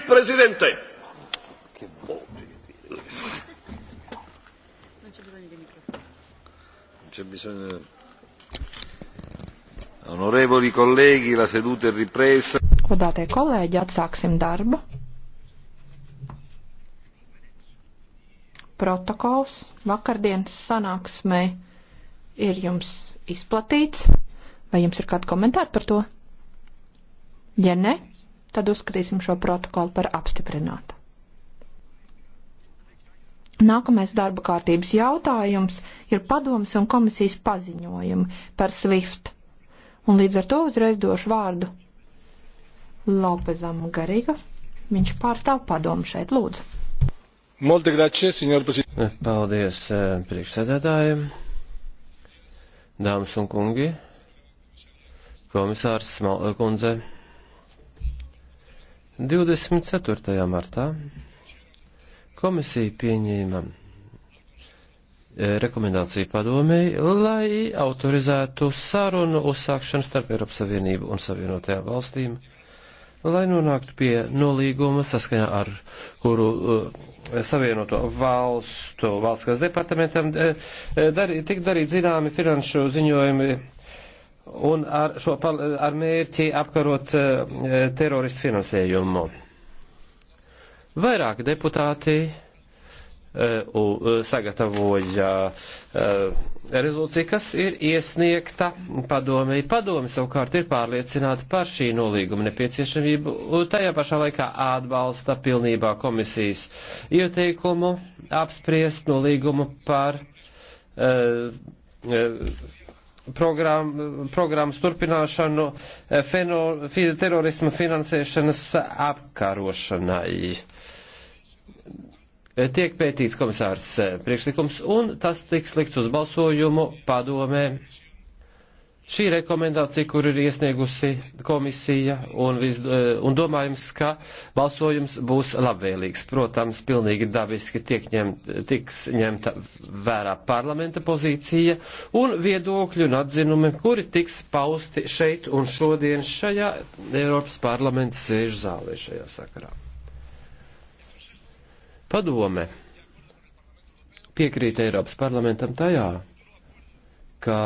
il Presidente. Che Non c'è bisogno di microfono. Non c'è bisogno. Onorevoli colleghi, la seduta è ripresa. Godātie kolēģi, atsāksim darbu. Protokols vakardienas sanāksmei ir jums izplatīts. Vai jums ir kādi komentāri par to? Ja ne, tad uzskatīsim šo protokolu par apstiprinātu. Nākamais darba kārtības jautājums ir padomas un komisijas paziņojumi par SWIFT. Un līdz ar to uzreiz došu vārdu Lopezam Gariga. Viņš pārstāv padomu šeit, lūdzu. Eh, paldies eh, priekšsēdētājiem, dāmas un kungi, komisārs Kundze. 24. martā komisija pieņēma e, rekomendāciju padomēji, lai autorizētu sarunu uzsākšanu starp Eiropas Savienību un Savienotajām valstīm, lai nonāktu pie nolīguma saskaņā ar kuru uh, Savienoto valstu valsts departamentam e, dar, tik darīt zināmi finanšu ziņojumi un ar, šo, ar mērķi apkarot eh, teroristu finansējumu. Vairāk deputāti eh, sagatavoja eh, rezolūciju, kas ir iesniegta padomēji. Padomi savukārt ir pārliecināti par šī nolīguma nepieciešamību, tajā pašā laikā atbalsta pilnībā komisijas ieteikumu apspriest nolīgumu par uh, uh, programmas program turpināšanu e, feno, terorisma finansēšanas apkarošanai. E, tiek pētīts komisārs e, priekšlikums, un tas tiks likt uz balsojumu padomē šī rekomendācija, kur ir iesniegusi komisija un, vis, e, un domājums, ka balsojums būs labvēlīgs. Protams, pilnīgi dabiski tiek ņemt, tiks ņemta vērā parlamenta pozīcija un viedokļu un atzinumi, kuri tiks pausti šeit un šodien šajā Eiropas parlamenta sēžu zālē šajā sakarā. Padome piekrīt Eiropas parlamentam tajā, ka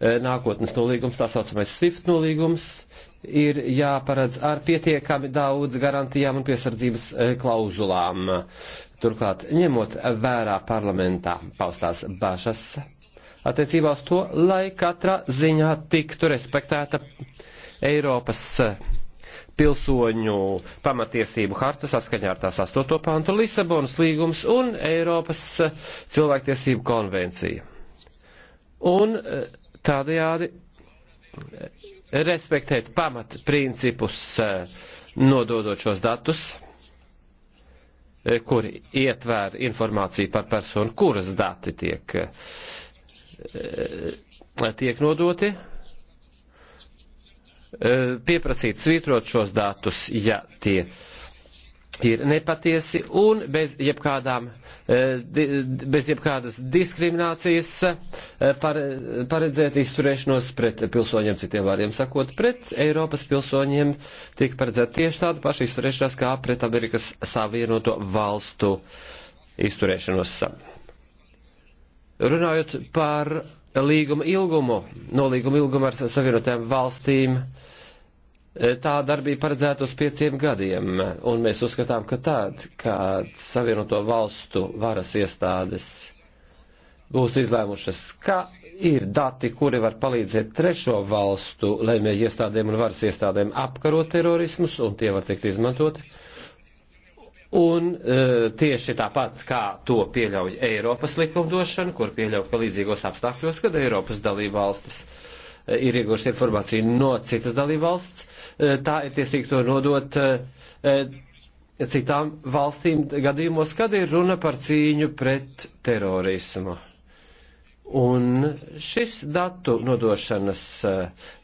Eh, nākotnes nolīgums, tā saucamais SWIFT nolīgums, ir jāparedz ar pietiekami daudz garantijām un piesardzības eh, klauzulām. Turklāt, ņemot vērā parlamentā paustās bažas attiecībā uz to, lai katrā ziņā tiktu respektēta Eiropas eh, pilsoņu pamatiesību harta saskaņā ar tās 8. pantu Lisabonas līgums un Eiropas cilvēktiesību konvencija. Un uh, tādajādi respektēt pamat principus, eh, nododot šos datus, eh, kuri ietvēr informāciju par personu, kuras dati tiek, eh, tiek nodoti, pieprasīt svītrot šos datus, ja tie ir ir nepatiesi un bez, jebkādām, eh, bez jebkādas diskriminācijas eh, paredzēt izturēšanos pret pilsoņiem, citiem vārdiem sakot, pret Eiropas pilsoņiem tiek paredzēta tieši tāda paša izturēšanās kā pret Amerikas Savienoto valstu izturēšanos. Runājot par līguma ilgumu, nolīguma ilgumu ar Savienotajām valstīm, uh, tā darbība paredzēta uz pieciem gadiem, un mēs uzskatām, ka tād, kad Savienoto valstu varas iestādes būs izlēmušas, ka ir dati, kuri var palīdzēt trešo valstu lēmēju iestādēm un varas iestādēm apkarot terorismus, un tie var tikt izmantoti. Un e, tieši tāpat, kā to pieļauj Eiropas likumdošana, kur pieļaut, ka līdzīgos apstākļos, kad Eiropas dalība valstis e, ir ieguvuši informāciju no citas dalībvalsts, e, tā ir tiesīgi to nodot e, e, citām valstīm gadījumos, kad ir runa par cīņu pret terorismu. Un šis datu nodošanas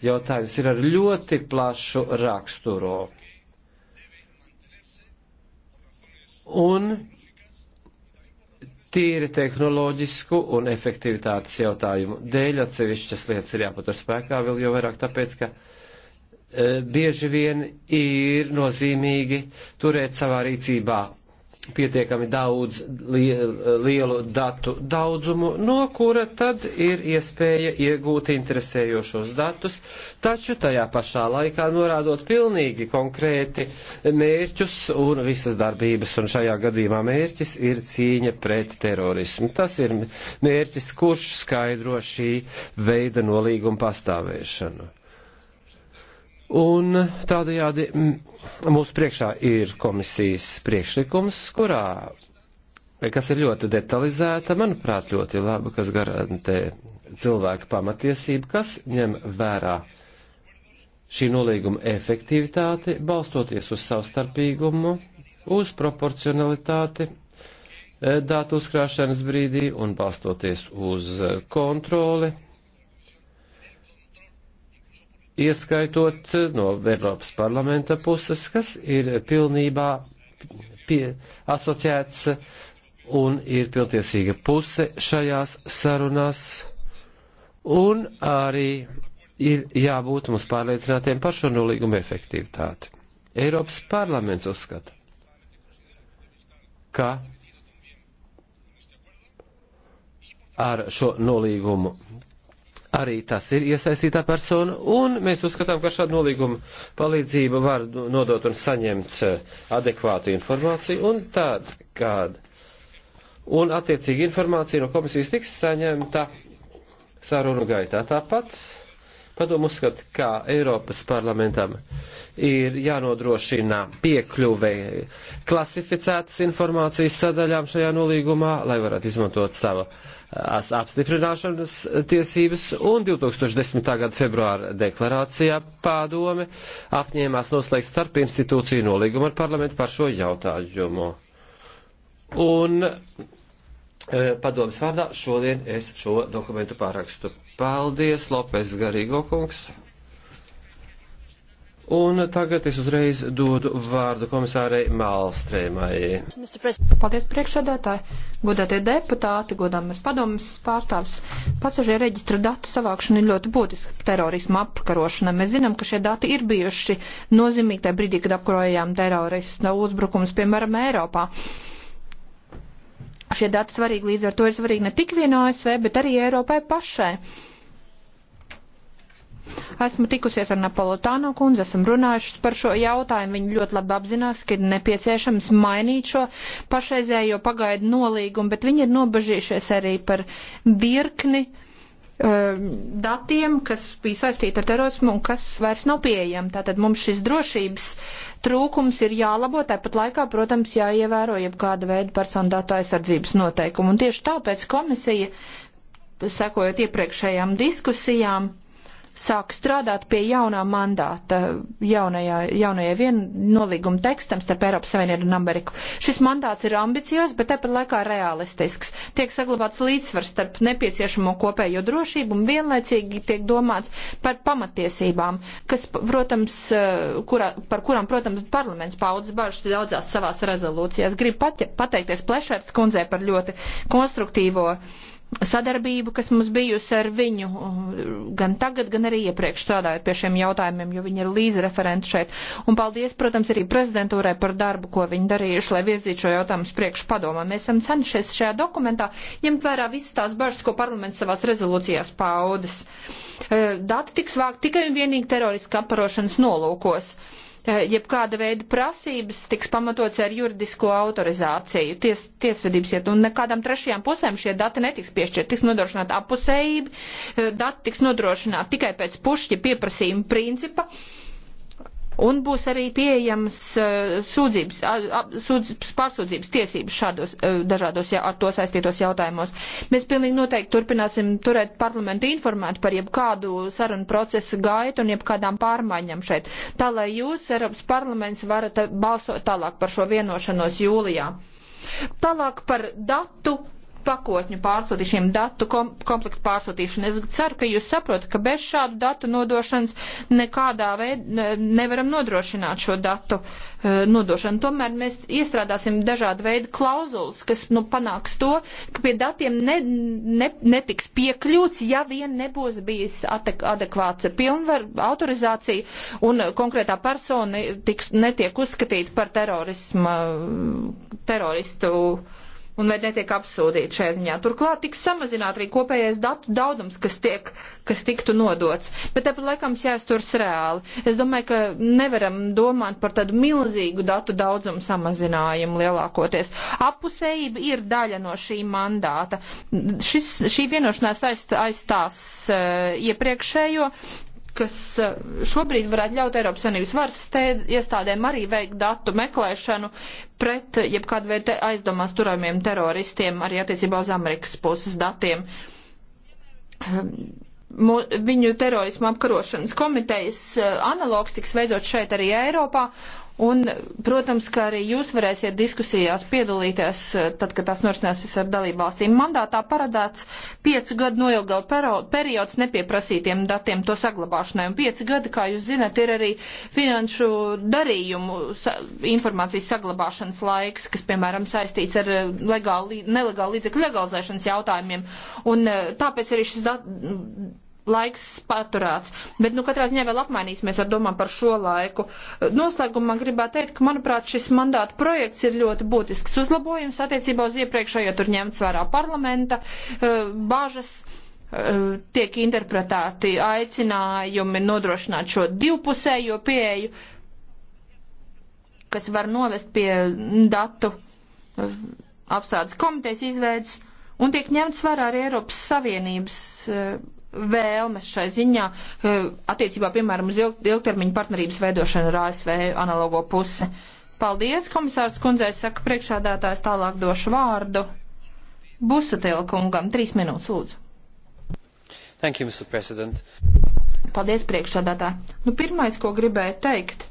jautājums ir ar ļoti plašu raksturo. Un tīri tehnoloģisku un efektivitātes jautājumu dēļ atsevišķas lietas ir jāpatur spēkā vēl jau vairāk, tāpēc, ka e, bieži vien ir nozīmīgi turēt savā rīcībā pietiekami daudz lielu datu daudzumu, no kura tad ir iespēja iegūt interesējošos datus, taču tajā pašā laikā norādot pilnīgi konkrēti mērķus un visas darbības, un šajā gadījumā mērķis ir cīņa pret terorismu. Tas ir mērķis, kurš skaidro šī veida nolīguma pastāvēšanu. Un tādējādi mūsu priekšā ir komisijas priekšlikums, kurā, kas ir ļoti detalizēta, manuprāt, ļoti laba, kas garantē cilvēku pamatiesību, kas ņem vērā šī nolīguma efektivitāti, balstoties uz savstarpīgumu, uz proporcionalitāti, eh, datu uzkrāšanas brīdī un balstoties uz eh, kontroli ieskaitot eh, no Eiropas parlamenta puses, kas ir pilnībā pie, asociēts un ir pilntiesīga puse šajās sarunās, un arī ir jābūt mums pārliecinātiem par šo nolīgumu efektivitāti. Eiropas parlaments uzskata, ka ar šo nolīgumu arī tas ir iesaistītā persona, un mēs uzskatām, ka šāda nolīguma palīdzība var nodot un saņemt eh, adekvātu informāciju, un tad, kad un attiecīgi informācija no komisijas tiks saņemta sarunu gaitā tāpat. Padomu uzskat, ka Eiropas parlamentam ir jānodrošina piekļuve klasificētas informācijas sadaļām šajā nolīgumā, lai varētu izmantot savu apstiprināšanas tiesības, un 2010. gada februāra deklarācijā pādome apņēmās noslēgt starp institūciju nolīgumu ar parlamentu par šo jautājumu. Un eh, padomas vārdā šodien es šo dokumentu pārakstu. Paldies, Lopes Garīgo kungs. Un tagad es uzreiz dodu vārdu komisārei Mālstrēmai. Paldies priekšsēdētāji, godātie deputāti, godāmies padomas pārstāvs. Pasažieru reģistra datu savākšana ir ļoti būtiska terorisma apkarošana. Mēs zinām, ka šie dati ir bijuši nozīmīgi tajā brīdī, kad apkarojām terorista uzbrukums, piemēram, Eiropā. Šie dati svarīgi līdz ar to ir svarīgi ne tik vien ASV, bet arī Eiropai pašai. Esmu tikusies ar Napolitāno kundzi, esam runājuši par šo jautājumu. Viņa ļoti labi apzinās, ka ir nepieciešams mainīt šo pašreizējo pagaidu nolīgumu, bet viņi ir nobežījušies arī par virkni uh, Um, datiem, kas bija saistīti ar terorismu un kas vairs nav pieejami. Tātad mums šis drošības trūkums ir jālabo, tāpat laikā, protams, jāievēro jebkāda veida personu datu aizsardzības noteikumu. Un tieši tāpēc komisija, sekojot iepriekšējām diskusijām, sāk strādāt pie jaunā mandāta jaunajā, jaunajā viennolīguma tekstam starp Eiropas Savienību un Ameriku. Šis mandāts ir ambiciozs, bet tāpat laikā realistisks. Tiek saglabāts līdzsvars starp nepieciešamo kopējo drošību un vienlaicīgi tiek domāts par pamatiesībām, kas, protams, eh, kurā, par kurām, protams, parlaments paudzes bažas daudzās savās rezolūcijās. Gribu pateikties Plešērts kundzei par ļoti konstruktīvo uh, sadarbību, kas mums bijusi ar viņu gan tagad, gan arī iepriekš strādājot pie šiem jautājumiem, jo viņi ir līdzreferenti šeit. Un paldies, protams, arī prezidentūrai par darbu, ko viņi darījuši, lai virzītu šo jautājumu priekš padomā. Mēs esam cenšies šajā dokumentā ņemt vērā visas tās bažas, ko parlaments savās rezolūcijās paudas. Dati tiks vākt tikai un vienīgi teroriska apkarošanas nolūkos jebkāda veida prasības tiks pamatots ar juridisko autorizāciju, ties, tiesvedības iet, un nekādām trešajām pusēm šie dati netiks piešķirt, tiks nodrošināta apusējība, eh, dati tiks nodrošināti tikai pēc pušķa pieprasījuma principa. Uh, Un būs arī pieejamas uh, sūdzības, uh, sūdzības, pārsūdzības tiesības šādos uh, dažādos jā, ar to saistītos jautājumos. Mēs pilnīgi noteikti turpināsim turēt parlamentu informēt par jebkādu sarunu procesu gaitu un jebkādām pārmaiņām šeit, tā lai jūs, Eiropas parlaments, varat eh, balsot tālāk par šo vienošanos jūlijā. Tālāk par datu pakotņu pārsūtīšanu, datu kom komplektu pārsūtīšanu. Es ceru, ka jūs saprotat, ka bez šādu datu nodošanas nekādā veidā nevaram nodrošināt šo datu uh, nodošanu. Tomēr mēs iestrādāsim dažādu veidu klauzulas, kas nu, panāks to, ka pie datiem ne, ne, netiks piekļūts, ja vien nebūs bijis adekvāts pilnvar, autorizācija un konkrētā persona tiks, netiek uzskatīta par terorisma, teroristu. Uh, un vai netiek apsūdīti šajā ziņā. Turklāt tiks samazināt arī kopējais datu daudums, kas, tiek, kas tiktu nodots. Bet tāpat laikam jāizturas reāli. Es domāju, ka nevaram domāt par tādu milzīgu datu daudzumu samazinājumu lielākoties. Appusējība ir daļa no šī mandāta. Šis, šī vienošanās aizstās uh, iepriekšējo, kas eh, šobrīd varētu ļaut Eiropas Savienības varas iestādēm arī veikt datu meklēšanu pret jebkādu veidu aizdomās turējumiem teroristiem arī attiecībā uz Amerikas puses datiem. Ehm, mu, viņu terorismu apkarošanas komitejas eh, analogs tiks veidot šeit arī Eiropā, Un, protams, ka arī jūs varēsiet diskusijās piedalīties, eh, tad, kad tās norisināsies ar dalību valstīm. Mandātā paredzēts piecu gadu noilgala periods nepieprasītiem datiem to saglabāšanai. Un pieci gadi, kā jūs zināt, ir arī finanšu darījumu sa informācijas saglabāšanas laiks, kas, piemēram, saistīts ar eh, legāli, nelegālu līdzekļu legalizēšanas jautājumiem. Un eh, tāpēc arī šis dat laiks paturēts. Bet, nu, katrā ziņā vēl apmainīsimies ar domām par šo laiku. Noslēgumā gribētu teikt, ka, manuprāt, šis mandāta projekts ir ļoti būtisks uzlabojums attiecībā uz iepriekšējo tur ņemts vērā parlamenta eh, bāžas eh, tiek interpretēti aicinājumi nodrošināt šo divpusējo pieeju, kas var novest pie datu eh, apsādes komitejas izveids, un tiek ņemts vērā arī Eiropas Savienības vēlmes šai ziņā eh, attiecībā, piemēram, uz ilgtermiņu partnerības veidošanu ar ASV analogo pusi. Paldies, komisārs kundzei, saka priekšādātājs tālāk došu vārdu. Busatila kungam, trīs minūtes lūdzu. Thank you, Mr. President. Paldies, priekšādātāji. Nu, pirmais, ko gribēju teikt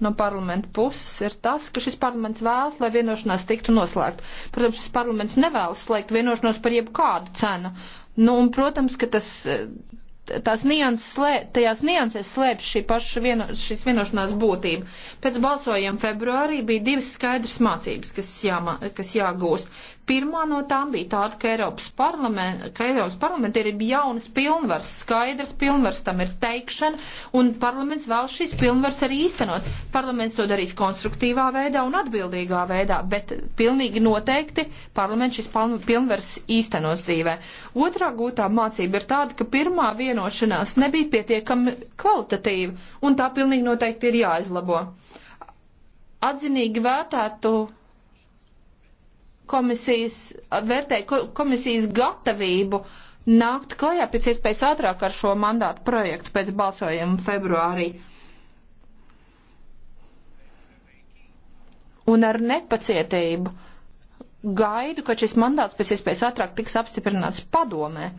no parlamenta puses ir tas, ka šis parlaments vēlas, lai vienošanās tiktu noslēgta. Protams, šis parlaments nevēlas slēgt vienošanos par jebkādu cenu. Nu, un, protams, ka tas, eh, tās nianses, slē, tajās niansēs slēpj šī paša vieno, šīs vienošanās būtība. Pēc balsojuma februārī bija divas skaidras mācības, kas, jāma, kas jāgūst. Pirmā no tām bija tāda, ka Eiropas, parlament, ka Eiropas parlamenta ir jaunas pilnvars, skaidrs pilnvars, tam ir teikšana, un parlaments vēl šīs pilnvars arī īstenot. Parlaments to darīs konstruktīvā veidā un atbildīgā veidā, bet pilnīgi noteikti parlaments šis pilnvars īstenos dzīvē. Otrā gūtā mācība ir tāda, ka pirmā vienošanās nebija pietiekami kvalitatīva, un tā pilnīgi noteikti ir jāizlabo. Atzinīgi vērtētu komisijas, vērtēju komisijas gatavību nākt klajā pēc iespējas ātrāk ar šo mandātu projektu pēc balsojuma februārī. Un ar nepacietību gaidu, ka šis mandāts pēc iespējas ātrāk tiks apstiprināts padomē.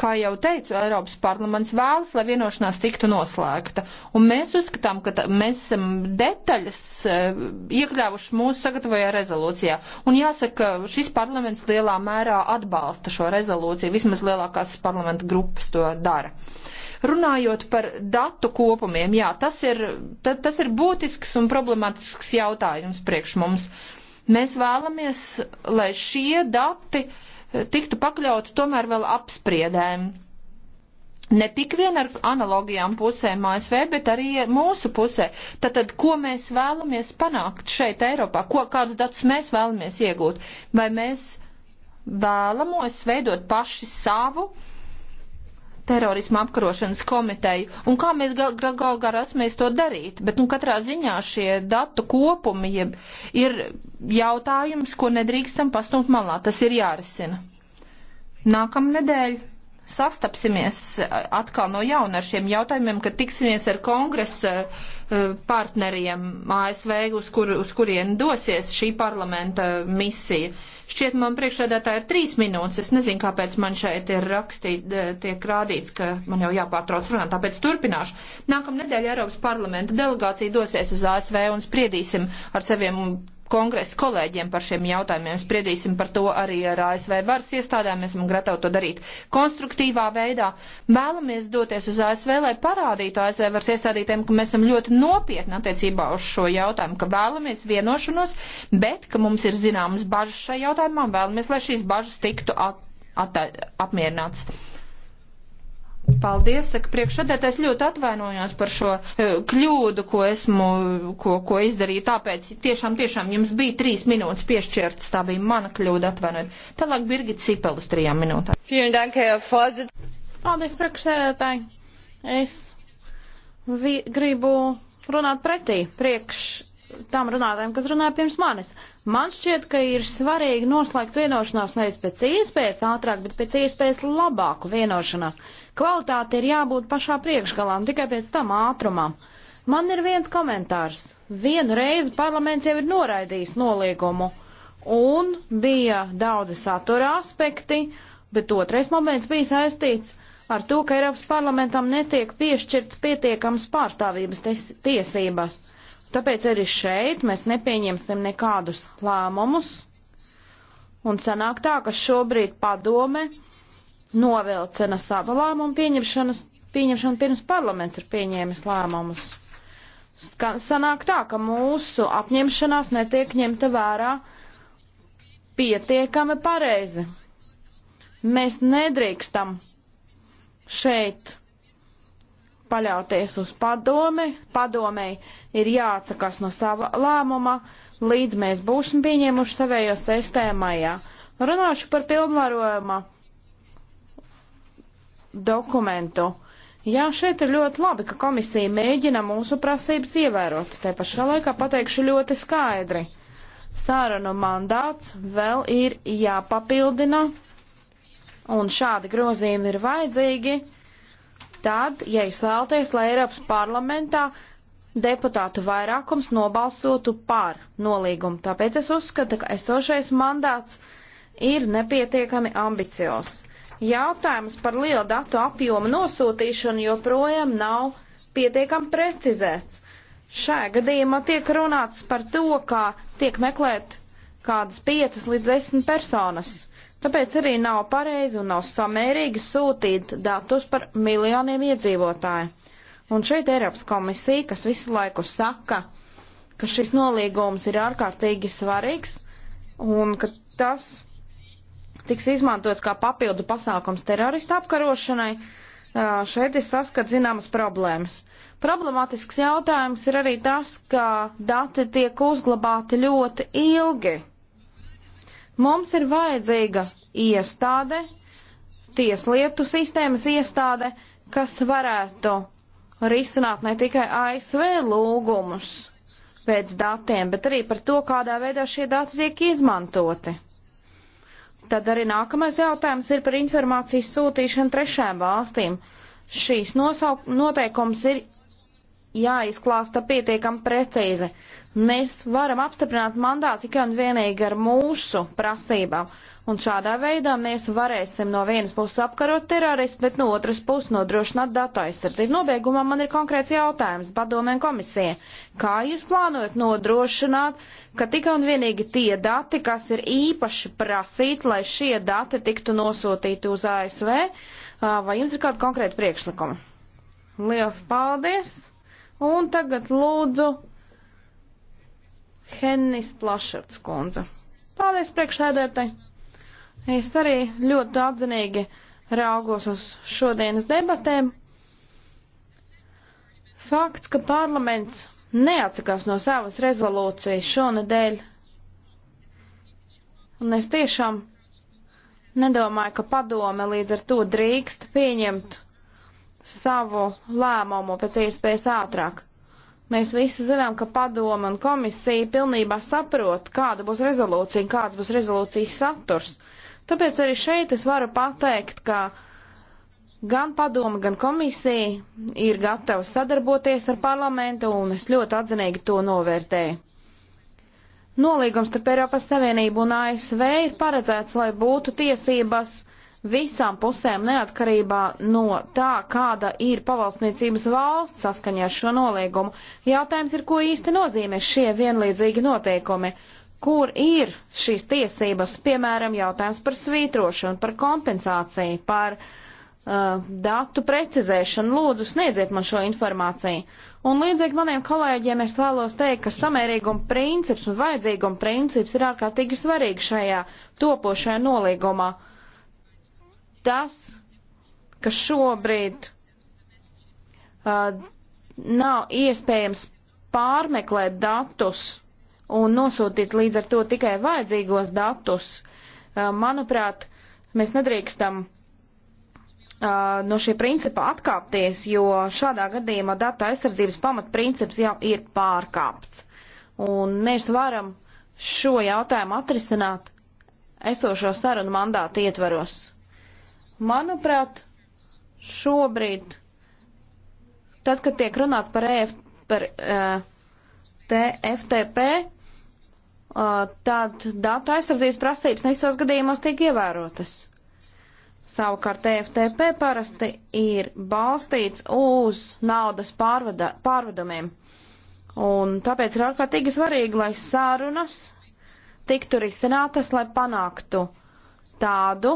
Kā jau teicu, Eiropas parlaments vēlas, lai vienošanās tiktu noslēgta. Un mēs uzskatām, ka tā, mēs esam detaļas e, iekļāvuši mūsu sagatavojā rezolūcijā. Un jāsaka, šis parlaments lielā mērā atbalsta šo rezolūciju. Vismaz lielākās parlamenta grupas to dara. Runājot par datu kopumiem, jā, tas ir, ta, tas ir būtisks un problemātisks jautājums priekš mums. Mēs vēlamies, lai šie dati. Uh, tiktu pakļauti tomēr vēl apspriedēm. Ne tik vien ar analogijām pusēm ASV, bet arī mūsu pusē. Tātad, ko mēs vēlamies panākt šeit Eiropā, ko, kādus datus mēs vēlamies iegūt, vai mēs vēlamos veidot paši savu uh, terorismu apkarošanas komiteju, un kā mēs gal gal gal garasmies to darīt, bet nu katrā ziņā šie datu kopumi jeb, ir jautājums, ko nedrīkstam pastumt malā, tas ir jārisina. Nākamnedēļ sastapsimies atkal no jauna ar šiem jautājumiem, kad tiksimies ar kongresa partneriem ASV, uz, kur, uz kurien dosies šī parlamenta misija. Šķiet, man priekšsēdētāji ir trīs minūtes. Es nezinu, kāpēc man šeit ir rakstīt, tiek rādīts, ka man jau jāpārtrauc runāt, tāpēc turpināšu. Nākamnedēļ Eiropas parlamenta delegācija dosies uz ASV un spriedīsim ar saviem kongresa kolēģiem par šiem jautājumiem. Spriedīsim par to arī ar ASV varas iestādēm. Mēs esam gatavi to darīt konstruktīvā veidā. Vēlamies doties uz ASV, lai parādītu ASV varas iestādītēm, ka mēs esam ļoti nopietni attiecībā uz šo jautājumu, ka vēlamies vienošanos, bet ka mums ir zināmas bažas šajā jautājumā. Vēlamies, lai šīs bažas tiktu at, at, apmierināts. Paldies, saka priekšsēdētājs, ļoti atvainojos par šo eh, kļūdu, ko esmu, ko, ko izdarīju, tāpēc tiešām, tiešām jums bija trīs minūtes piešķirtas, tā bija mana kļūda atvainojot. Tālāk Birgit Sipel uz trijām minūtēm. Paldies, priekšsēdētāji. Es vi, gribu runāt pretī priekš tām runātājiem, kas runāja pirms manis. Man šķiet, ka ir svarīgi noslēgt vienošanās nevis pēc iespējas ātrāk, bet pēc iespējas labāku vienošanās. Kvalitāte ir jābūt pašā priekšgalā un tikai pēc tam ātrumam. Man ir viens komentārs. Vienu reizi parlaments jau ir noraidījis noliegumu un bija daudzi satura aspekti, bet otrais moments bija saistīts ar to, ka Eiropas parlamentam netiek piešķirts pietiekams pārstāvības tiesības. Tāpēc arī šeit mēs nepieņemsim nekādus lēmumus. Un sanāk tā, ka šobrīd padome novilcena savu lēmumu pieņemšanu pirms parlaments ir pieņēmis lēmumus. Sanāk tā, ka mūsu apņemšanās netiek ņemta vērā pietiekami pareizi. Mēs nedrīkstam šeit paļauties uz padome, padomei ir jāatsakās no sava lēmuma, līdz mēs būsim pieņēmuši savējo sistēmājā. Runāšu par pilnvarojuma dokumentu. Jā, šeit ir ļoti labi, ka komisija mēģina mūsu prasības ievērot. Te pašā laikā pateikšu ļoti skaidri. Sārunu mandāts vēl ir jāpapildina, un šādi grozījumi ir vajadzīgi tad, ja jūs vēlaties, lai Eiropas parlamentā deputātu vairākums nobalsotu par nolīgumu. Tāpēc es uzskatu, ka esošais mandāts ir nepietiekami ambicios. Jautājums par lielu datu apjomu nosūtīšanu joprojām nav pietiekami precizēts. Šajā gadījumā tiek runāts par to, kā tiek meklēt kādas 5 līdz 10 personas. Tāpēc arī nav pareizi un nav samērīgi sūtīt datus par miljoniem iedzīvotāju. Un šeit Eiropas komisija, kas visu laiku saka, ka šis nolīgums ir ārkārtīgi svarīgs un ka tas tiks izmantots kā papildu pasākums terorista apkarošanai, šeit es saskatu zināmas problēmas. Problemātisks jautājums ir arī tas, ka dati tiek uzglabāti ļoti ilgi Mums ir vajadzīga iestāde, tieslietu sistēmas iestāde, kas varētu risināt ne tikai ASV lūgumus pēc datiem, bet arī par to, kādā veidā šie dati tiek izmantoti. Tad arī nākamais jautājums ir par informācijas sūtīšanu trešajām valstīm. Šīs noteikums ir jāizklāsta pietiekami precīzi. Mēs varam apstiprināt mandātu tikai un vienīgi ar mūsu prasībām. Un šādā veidā mēs varēsim no vienas puses apkarot teroristu, bet no otras puses nodrošināt datu aizsardzību. Nobeigumā man ir konkrēts jautājums padomēm komisija. Kā jūs plānojat nodrošināt, ka tikai un vienīgi tie dati, kas ir īpaši prasīti, lai šie dati tiktu nosūtīti uz ASV, vai jums ir kāda konkrēta priekšlikuma? Lielas paldies! Un tagad lūdzu Hennis Plašards kundze. Paldies priekšsēdētai. Es arī ļoti atzinīgi raugos uz šodienas debatēm. Fakts, ka parlaments neatsakās no savas rezolūcijas šonadēļ, un es tiešām nedomāju, ka padome līdz ar to drīkst pieņemt savu lēmumu pēc iespējas ātrāk. Mēs visi zinām, ka padoma un komisija pilnībā saprot, kāda būs rezolūcija un kāds būs rezolūcijas saturs. Tāpēc arī šeit es varu pateikt, ka gan padoma, gan komisija ir gatava sadarboties ar parlamentu, un es ļoti atzinīgi to novērtēju. Nolīgums starp Eiropas Savienību un ASV ir paredzēts, lai būtu tiesības visām pusēm neatkarībā no tā, kāda ir pavalstniecības valsts saskaņā ar šo noliegumu. Jautājums ir, ko īsti nozīmē šie vienlīdzīgi noteikumi, kur ir šīs tiesības, piemēram, jautājums par svītrošanu, par kompensāciju, par uh, datu precizēšanu. Lūdzu, sniedziet man šo informāciju. Un līdzīgi maniem kolēģiem es vēlos teikt, ka samērīguma princips un vajadzīguma princips ir ārkārtīgi svarīgi šajā topošajā nolīgumā. Uh, tas, ka šobrīd uh, nav iespējams pārmeklēt datus un nosūtīt līdz ar to tikai vajadzīgos datus, uh, manuprāt, mēs nedrīkstam uh, no šī principa atkāpties, jo šādā gadījumā data aizsardzības pamatprincips jau ir pārkāpts. Un mēs varam šo jautājumu atrisināt esošo sarunu mandātu ietvaros. Manuprāt, šobrīd, tad, kad tiek runāts par, EF, par uh, eh, TFTP, uh, eh, tad datu aizsardzības prasības ne visos gadījumos tiek ievērotas. Savukārt e TFTP parasti ir balstīts uz naudas pārvada, pārvedumiem. Un tāpēc ir ārkārtīgi svarīgi, lai sārunas tiktu risinātas, lai panāktu uh, tādu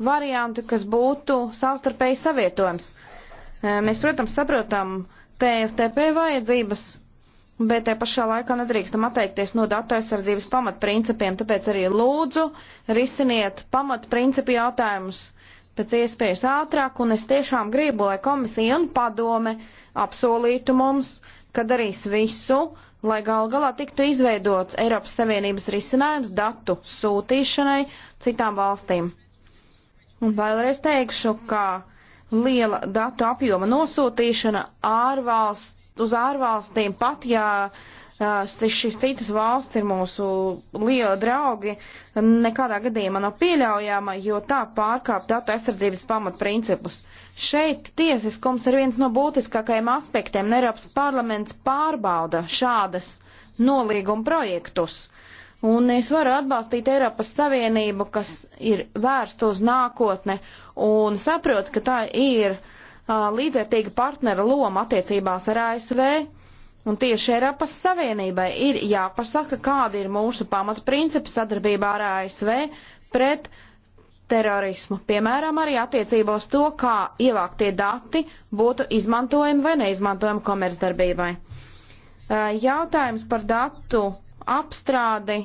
variantu, kas būtu savstarpēji savietojams. Mēs, protams, saprotam TFTP vajadzības, bet te pašā laikā nedrīkstam atteikties no datu aizsardzības pamatprincipiem, tāpēc arī lūdzu risiniet pamatprincipu jautājumus pēc iespējas ātrāk, un es tiešām gribu, lai komisija un padome apsolītu mums, ka darīs visu, uh, lai gal galā tiktu izveidots Eiropas Savienības risinājums datu sūtīšanai citām valstīm. Un vēlreiz teikšu, ka liela datu apjoma nosūtīšana ārvalst, uz ārvalstīm, pat ja šīs citas valsts ir mūsu liela draugi, nekādā gadījumā nav pieļaujama, jo tā pārkāp datu aizsardzības pamatprincipus. Šeit tiesiskums ir viens no būtiskākajiem aspektiem, un Eiropas parlaments pārbauda šādas nolīguma projektus. Un es varu atbalstīt Eiropas Savienību, kas ir vērsta uz nākotne un saprot, ka tā ir uh, līdzvērtīga partnera loma attiecībās ar ASV Un tieši Eiropas Savienībai ir jāpasaka, kādi ir mūsu pamatprincipi sadarbībā ar ASV pret terorismu. Piemēram, arī attiecībā uz to, kā ievāktie dati būtu izmantojami vai neizmantojami komercdarbībai. Jautājums par datu apstrādi,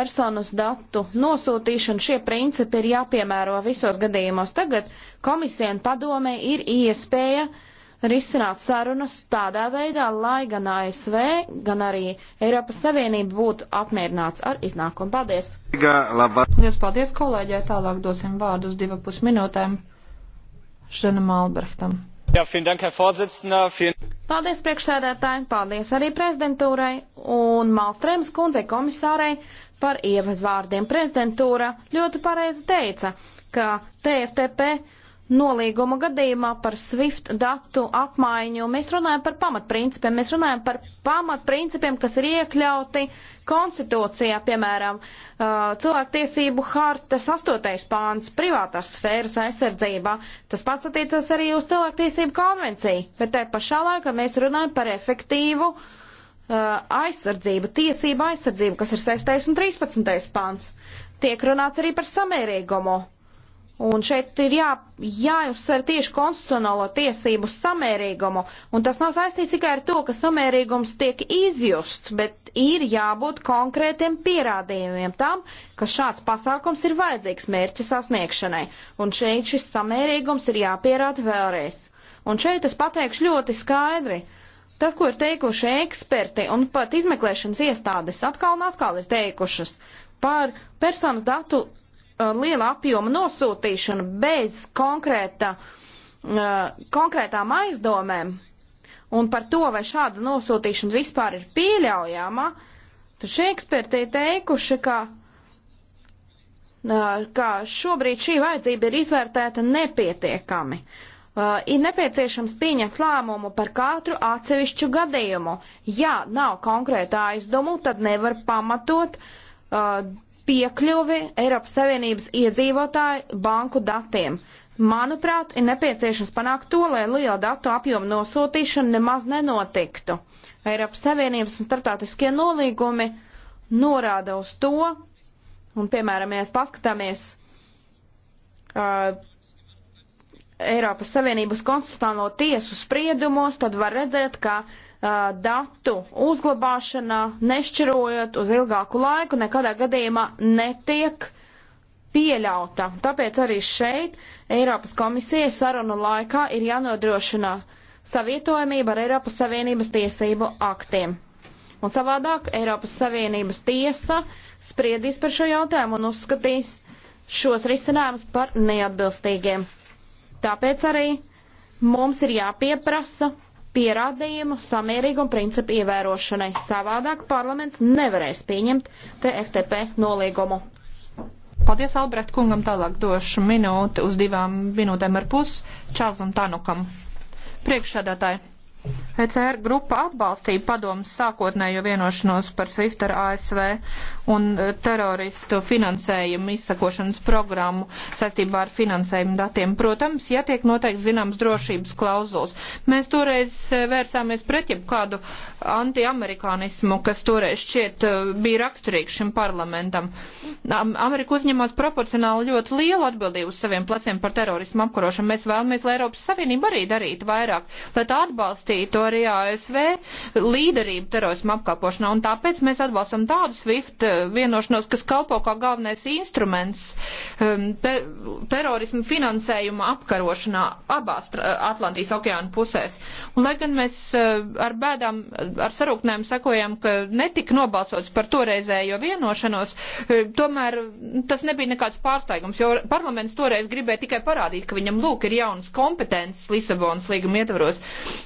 personas datu nosūtīšanu, šie principi ir jāpiemēro visos gadījumos. Tagad komisija un padomē ir iespēja uh, risināt sarunas tādā veidā, lai gan ASV, gan arī Eiropas Savienība būtu apmierināts ar iznākumu. Paldies! Lielas paldies kolēģē, tālāk dosim vārdu uz divu pus minūtēm Ženam Albrechtam. Jā, ja, vielen dank, Herr Vorsitzender. Vielen... Paldies priekšsēdētājiem, paldies arī prezidentūrai un Malstrēmas kundzei komisārei par ievadvārdiem. Prezidentūra ļoti pareizi teica, ka TFTP nolīguma gadījumā par SWIFT datu apmaiņu. Mēs runājam par pamatprincipiem, mēs runājam par pamatprincipiem, kas ir iekļauti konstitūcijā, piemēram, uh, cilvēktiesību hartas 8. pāns, privātās sfēras aizsardzībā. Tas pats attiecas arī uz cilvēktiesību konvenciju, bet te pašā laikā mēs runājam par efektīvu uh, aizsardzību, tiesību aizsardzību, kas ir 6. un 13. pāns. Tiek runāts arī par samērīgumu. Un šeit ir jā, jāuzsver tieši konstitucionālo tiesību samērīgumu, un tas nav saistīts tikai ar to, ka samērīgums tiek izjusts, bet ir jābūt konkrētiem pierādījumiem tam, ka šāds pasākums ir vajadzīgs mērķa sasniegšanai, un šeit šis samērīgums ir jāpierāda vēlreiz. Un šeit es pateikšu ļoti skaidri. Tas, ko ir teikuši eksperti un pat izmeklēšanas iestādes, atkal un atkal ir teikušas par personas datu Uh, liela apjoma nosūtīšanu bez konkrēta, uh, konkrētām aizdomēm un par to, vai šāda nosūtīšana vispār ir pieļaujama, tad šie eksperti ir teikuši, ka, uh, ka šobrīd šī vajadzība ir izvērtēta nepietiekami. Uh, ir nepieciešams pieņemt lēmumu par katru atsevišķu gadījumu. Ja nav konkrēta aizdomu, tad nevar pamatot uh, piekļuvi Eiropas Savienības iedzīvotāju banku datiem. Manuprāt, ir nepieciešams panākt to, lai liela datu apjoma nosūtīšana nemaz nenotiktu. Eiropas Savienības un starptautiskie nolīgumi norāda uz to, un, piemēram, ja mēs paskatāmies uh, Eiropas Savienības konstitucionālo tiesu spriedumos, tad var redzēt, ka uh, datu uzglabāšana, nešķirojot uz ilgāku laiku, nekādā gadījumā netiek pieļauta. Tāpēc arī šeit Eiropas komisija sarunu laikā ir jānodrošina savietojamība ar Eiropas Savienības tiesību aktiem. Un savādāk Eiropas Savienības tiesa spriedīs par šo jautājumu un uzskatīs šos risinājumus par neatbilstīgiem. Tāpēc arī mums ir jāpieprasa pierādījumu samērīgumu principu ievērošanai. Savādāk parlaments nevarēs pieņemt TFTP nolīgumu. Paldies, Albrecht kungam, tālāk došu minūti uz divām minūtēm ar pus Čāzam Tanukam. Priekšsēdētāji, ECR grupa atbalstīja padomu sākotnējo vienošanos par SWIFT ar ASV un e, teroristu finansējumu izsakošanas programmu saistībā ar finansējumu datiem. Protams, ja tiek noteikti zināms drošības klauzuls. Mēs toreiz e, vērsāmies pret jebkādu antiamerikānismu, kas toreiz šķiet e, bija raksturīgs šim parlamentam. Amerika uzņemās proporcionāli ļoti lielu atbildību uz saviem pleciem par terorismu apkarošanu. Mēs vēlamies, lai Eiropas Savienība arī darītu vairāk, lai tā atbalstītu arī ASV līderību terorismu apkalpošanā. Un tāpēc mēs atbalstam tādu SWIFT vienošanos, kas kalpo kā galvenais instruments um, te, terorismu finansējuma apkarošanā abās Atlantijas okeāna pusēs. Un, lai gan mēs uh, ar bēdām, ar sarūknēm sekojam, ka netika nobalsots par toreizējo vienošanos, uh, tomēr tas nebija nekāds pārsteigums, jo parlaments toreiz gribēja tikai parādīt, ka viņam lūk ir jaunas kompetences Lisabonas līguma ietvaros,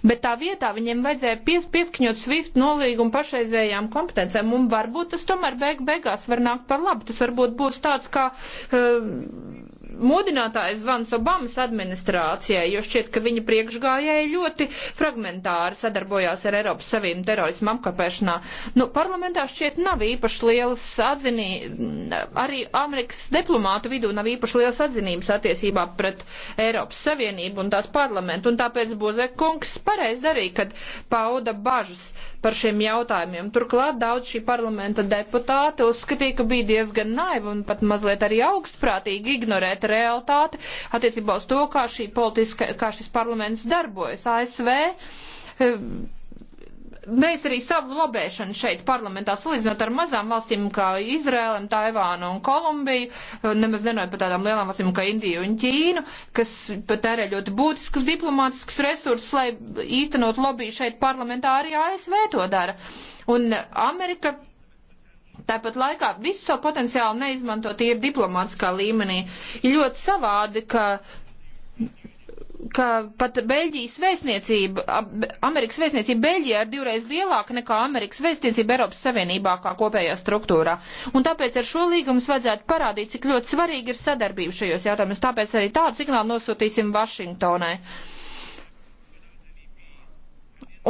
bet tā vietā viņiem vajadzēja pies, pieskaņot SWIFT nolīgumu pašreizējām kompetencēm, un varbūt tas tomēr beigās beigu beigās var nākt par labu. Tas varbūt būs tāds kā uh, eh, modinātājs zvans Obamas administrācijai, jo šķiet, ka viņa priekšgājēji ļoti fragmentāri sadarbojās ar Eiropas Savienību terorismu apkapēšanā. Nu, parlamentā šķiet nav īpaši liels atzinī, arī Amerikas diplomātu vidū nav īpaši liels atzinības attiecībā pret Eiropas Savienību un tās parlamentu, un tāpēc Bozek kungs pareiz darīja, kad pauda bažas par šiem jautājumiem. Turklāt daudz šī parlamenta deputāti uzskatīja, ka bija diezgan naivi un pat mazliet arī augstprātīgi ignorēt realitāti attiecībā uz to, kā, šī politiska, kā šis parlaments darbojas. ASV eh, mēs arī savu lobēšanu šeit parlamentā salīdzinot ar mazām valstīm kā Izrēlam, Taivānu un Kolumbiju, nemaz nerunājot par tādām lielām valstīm kā Indiju un Ķīnu, kas patērē ļoti būtiskus diplomātiskus resursus, lai īstenot lobby šeit parlamentā arī ASV to dara. Un Amerika Tāpat laikā visu savu potenciālu neizmanto tie ir diplomātiskā līmenī. Ir ļoti savādi, ka ka pat Beļģijas vēstniecība, Amerikas vēstniecība Beļģijā ir divreiz lielāka nekā Amerikas vēstniecība Eiropas Savienībā kā kopējā struktūrā. Un tāpēc ar šo līgumu vajadzētu parādīt, cik ļoti svarīgi ir sadarbība šajos jautājumos. Tāpēc arī tādu signālu nosūtīsim Vašingtonai.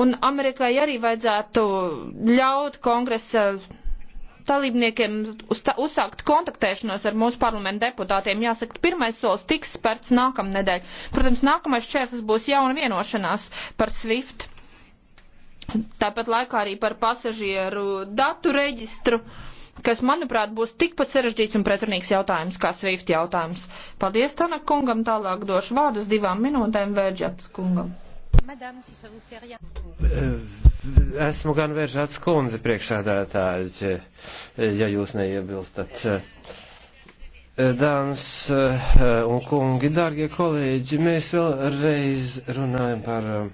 Un Amerikai arī vajadzētu ļaut kongresa dalībniekiem uzsākt kontaktēšanos ar mūsu parlamentu deputātiem. Jāsaka, pirmais solis tiks spērts nākamnedēļ. Protams, nākamais čērslis būs jauna vienošanās par SWIFT. Tāpat laikā arī par pasažieru datu reģistru, kas, manuprāt, būs tikpat sarežģīts un pretrunīgs jautājums kā SWIFT jautājums. Paldies Tanak kungam, tālāk došu vārdus divām minūtēm Vērģats kungam. Madame, si Esmu gan vēržāts kundze priekšsādātāji, ja jūs neiebilstat. Dāmas eh, un kungi, dārgie kolēģi, mēs vēlreiz runājam par eh,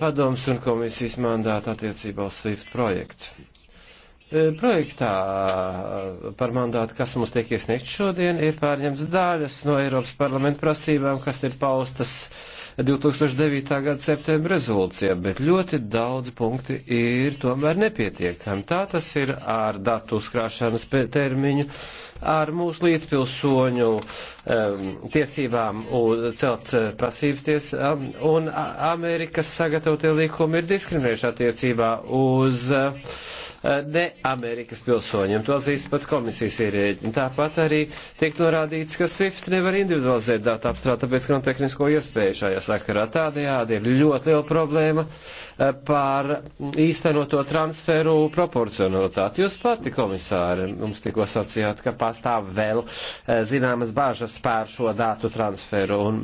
padoms un komisijas mandātu attiecībā uz SWIFT projektu eh, projektā par mandātu, kas mums tiek iesniegts šodien, ir pārņemts daļas no Eiropas parlamenta prasībām, kas ir paustas 2009. gada septembra rezolūcijā, bet ļoti daudz punkti ir tomēr nepietiekami. Tā tas ir ar datu uzkrāšanas termiņu, ar mūsu līdzpilsoņu um, tiesībām uz celt eh, prasības tiesām, un Amerikas sagatavotie likumi ir diskriminējuši attiecībā uz uh, ne Amerikas pilsoņiem. To atzīst pat komisijas ierēģi. Tāpat arī tiek norādīts, ka SWIFT nevar individualizēt datu apstrādi, tāpēc, ka nav tehnisko iespēju šajā sakarā. Tādējādi ir ļoti liela problēma eh, par īstenoto transferu proporcionalitāti. Jūs pati, komisāri, mums tikko sacījāt, ka pastāv vēl eh, zināmas bāžas pār šo datu transferu. Un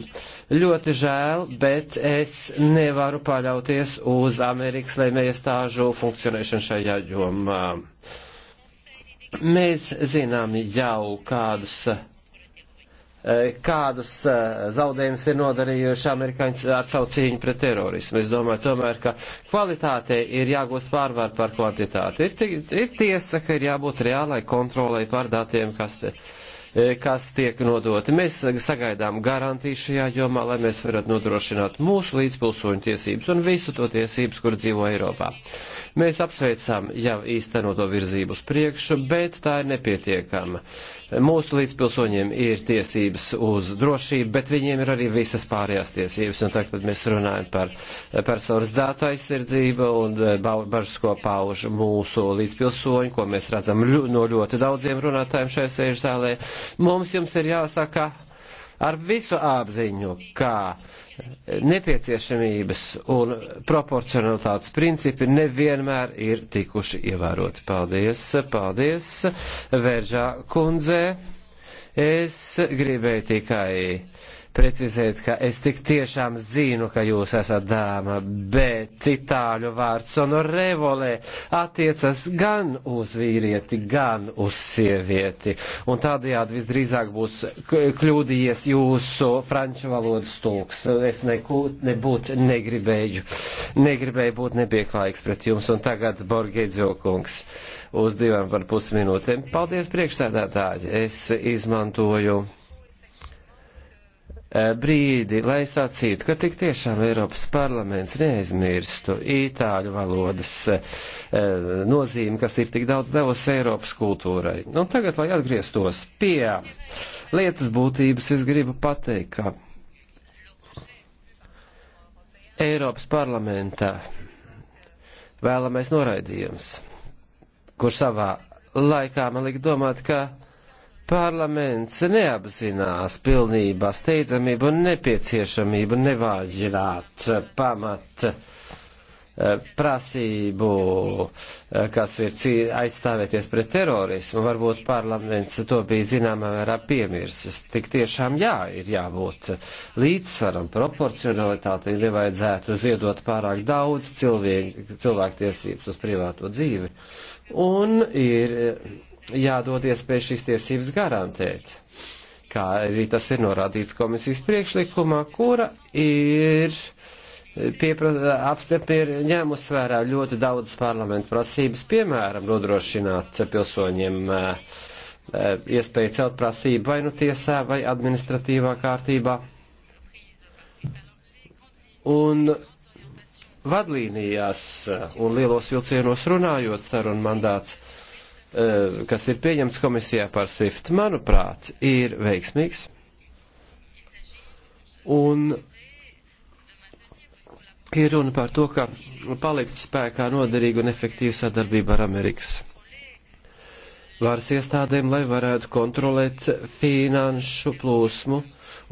ļoti žēl, bet es nevaru paļauties uz Amerikas lēmējiestāžu funkcionēšanu šajā jomā jomā. Mēs zinām jau kādus kādus zaudējumus ir nodarījuši amerikāņi ar savu cīņu pret terorismu. Es domāju tomēr, ka kvalitāte ir jāgūst pārvar par kvantitāti. Ir, ir tiesa, ka ir jābūt reālai kontrolai pār datiem, kas te. Uh, E, kas tiek nodoti. Mēs sagaidām garantiju šajā jomā, lai mēs varētu nodrošināt mūsu līdzpilsoņu tiesības un visu to tiesības, kur dzīvo Eiropā. Mēs apsveicām jau īstenoto virzību uz priekšu, bet tā ir nepietiekama. Uh, Mūsu līdzpilsoņiem ir tiesības uz drošību, bet viņiem ir arī visas pārējās tiesības. Un tagad mēs runājam par personas datu aizsardzību un e, bažas, ko pauž mūsu līdzpilsoņi, ko mēs redzam ļu, no ļoti daudziem runātājiem šajā sēžu zālē. Mums jums ir jāsaka, ar visu apziņu, kā nepieciešamības un proporcionalitātes principi nevienmēr ir tikuši ievēroti. Paldies, paldies, Vēržā kundze. Es gribēju tikai precizēt, ka es tik tiešām zinu, ka jūs esat dāma, bet itāļu vārds honorevole attiecas gan uz vīrieti, gan uz sievieti. Un tādējādi visdrīzāk būs kļūdījies jūsu franču valodas tulks. Es nekūt, nebūt negribēju, negribēju būt nepieklājīgs pret jums. Un tagad Borgēdzio kungs uz divām par pusminūtēm. Paldies priekšsēdētāji. Es izmantoju Eh, brīdi, lai sacītu, ka tik tiešām Eiropas parlaments neaizmirstu itāļu valodas eh, nozīmi, kas ir tik daudz devusi Eiropas kultūrai. Un nu, tagad, lai atgrieztos pie lietas būtības, es gribu pateikt, ka Eiropas parlamentā vēlamais noraidījums, kur savā laikā man lika domāt, ka parlaments neapzinās pilnībā steidzamību un nepieciešamību nevāģināt pamat eh, prasību, eh, kas ir aizstāvēties pret terorismu. Varbūt parlaments to bija zināmā mērā piemirsis. Tik tiešām jā, ir jābūt līdzsvaram, proporcionalitātei, nevajadzētu ziedot pārāk daudz cilvēku tiesības uz privāto dzīvi. Un ir jādod iespēja šīs tiesības garantēt. Kā arī tas ir norādīts komisijas priekšlikumā, kura ir ņēmus vērā ļoti daudz parlamentu prasības, piemēram, nodrošināt pilsoņiem eh, eh, iespēju celt prasību vai nu tiesā, vai administratīvā kārtībā. Un vadlīnijās eh, un lielos vilcienos runājot sarunu mandāts Eh, kas ir pieņemts komisijā par SWIFT, manuprāt, ir veiksmīgs. Un ir runa par to, ka palikt spēkā noderīga un efektīva sadarbība ar Amerikas varas iestādēm, lai varētu kontrolēt finanšu plūsmu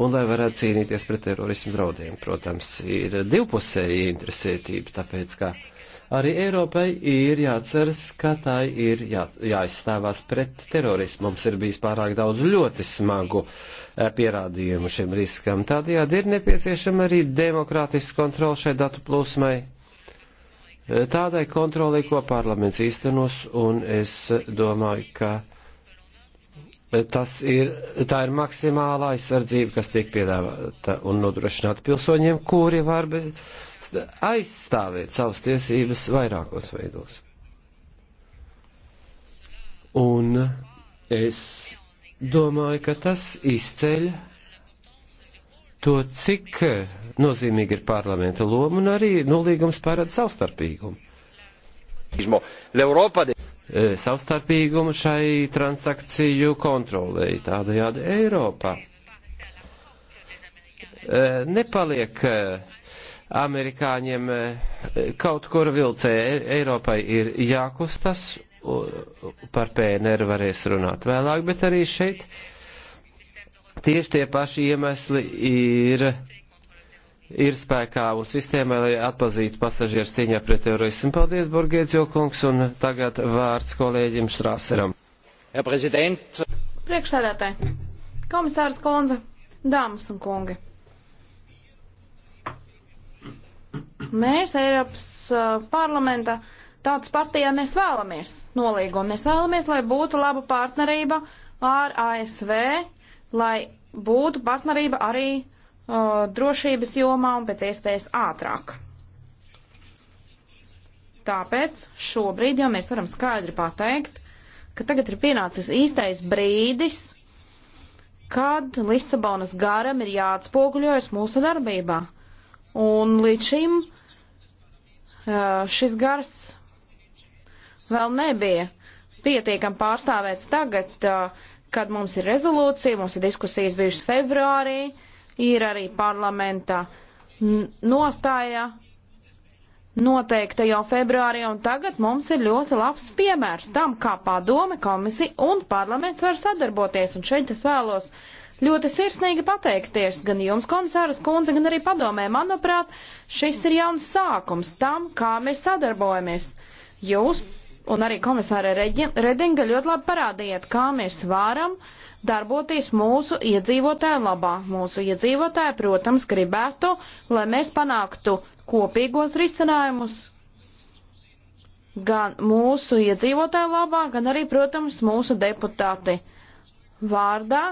un lai varētu cīnīties pret terorismu draudiem. Protams, ir divpusēja interesētība, tāpēc, ka. Kā Arī Eiropai ir jāatceras, ka tai ir jā, jāizstāvās pret terorismu. Mums ir bijis pārāk daudz ļoti smagu eh, pierādījumu šim riskam. Tādējādi ir nepieciešama arī demokrātiska kontrola šai datu plūsmai. Eh, tādai kontrolē, ko parlaments īstenos, un es domāju, ka tas ir, tā ir maksimālā aizsardzība, kas tiek piedāvāta un nodrošināta pilsoņiem, kuri var bez, aizstāvēt savas tiesības vairākos veidos. Un es domāju, ka tas izceļ to, cik nozīmīgi ir parlamenta loma un arī nolīgums pārāda savstarpīgumu. L'Europa de E, savstarpīgumu šai transakciju kontrolēji tādajādi Eiropā. E, nepaliek e, amerikāņiem kaut kur vilcē, Eiropai ir jākustas, par PNR varēs runāt vēlāk, bet arī šeit tieši tie paši iemesli ir ir spēkā un sistēmai, lai atpazītu pasažieru cīņā pret terorismu. Paldies, Borgēdzio kungs, un tagad vārds kolēģim Šrāseram. Herr Präsident! Priekšsēdētāji, komisārs Konze, dāmas un kungi. Mēs Eiropas uh, parlamenta tautas partijā mēs vēlamies nolīgumu. Mēs vēlamies, lai būtu laba partnerība ar ASV, lai būtu partnerība arī uh, Uh, drošības jomā un pēc iespējas ātrāk. Tāpēc šobrīd jau mēs varam skaidri pateikt, ka tagad ir pienācis īstais brīdis, kad Lisabonas garam ir jāatspoguļojas mūsu darbībā. Un līdz šim uh, šis gars vēl nebija pietiekam pārstāvēts tagad, uh, kad mums ir rezolūcija, mums ir diskusijas bijušas februārī, ir arī parlamentā nostāja noteikta jau februārī, un tagad mums ir ļoti labs piemērs tam, kā padome, komisija un parlaments var sadarboties. Un šeit es vēlos ļoti sirsnīgi pateikties gan jums, komisāras kundze, gan arī padomē. Manuprāt, šis ir jauns sākums tam, kā mēs sadarbojamies. Jūs un arī komisāra Redinga ļoti labi parādījāt, kā mēs varam darboties mūsu iedzīvotāju labā. Mūsu iedzīvotāji, protams, gribētu, lai mēs panāktu kopīgos risinājumus gan mūsu iedzīvotāju labā, gan arī, protams, mūsu deputāti vārdā.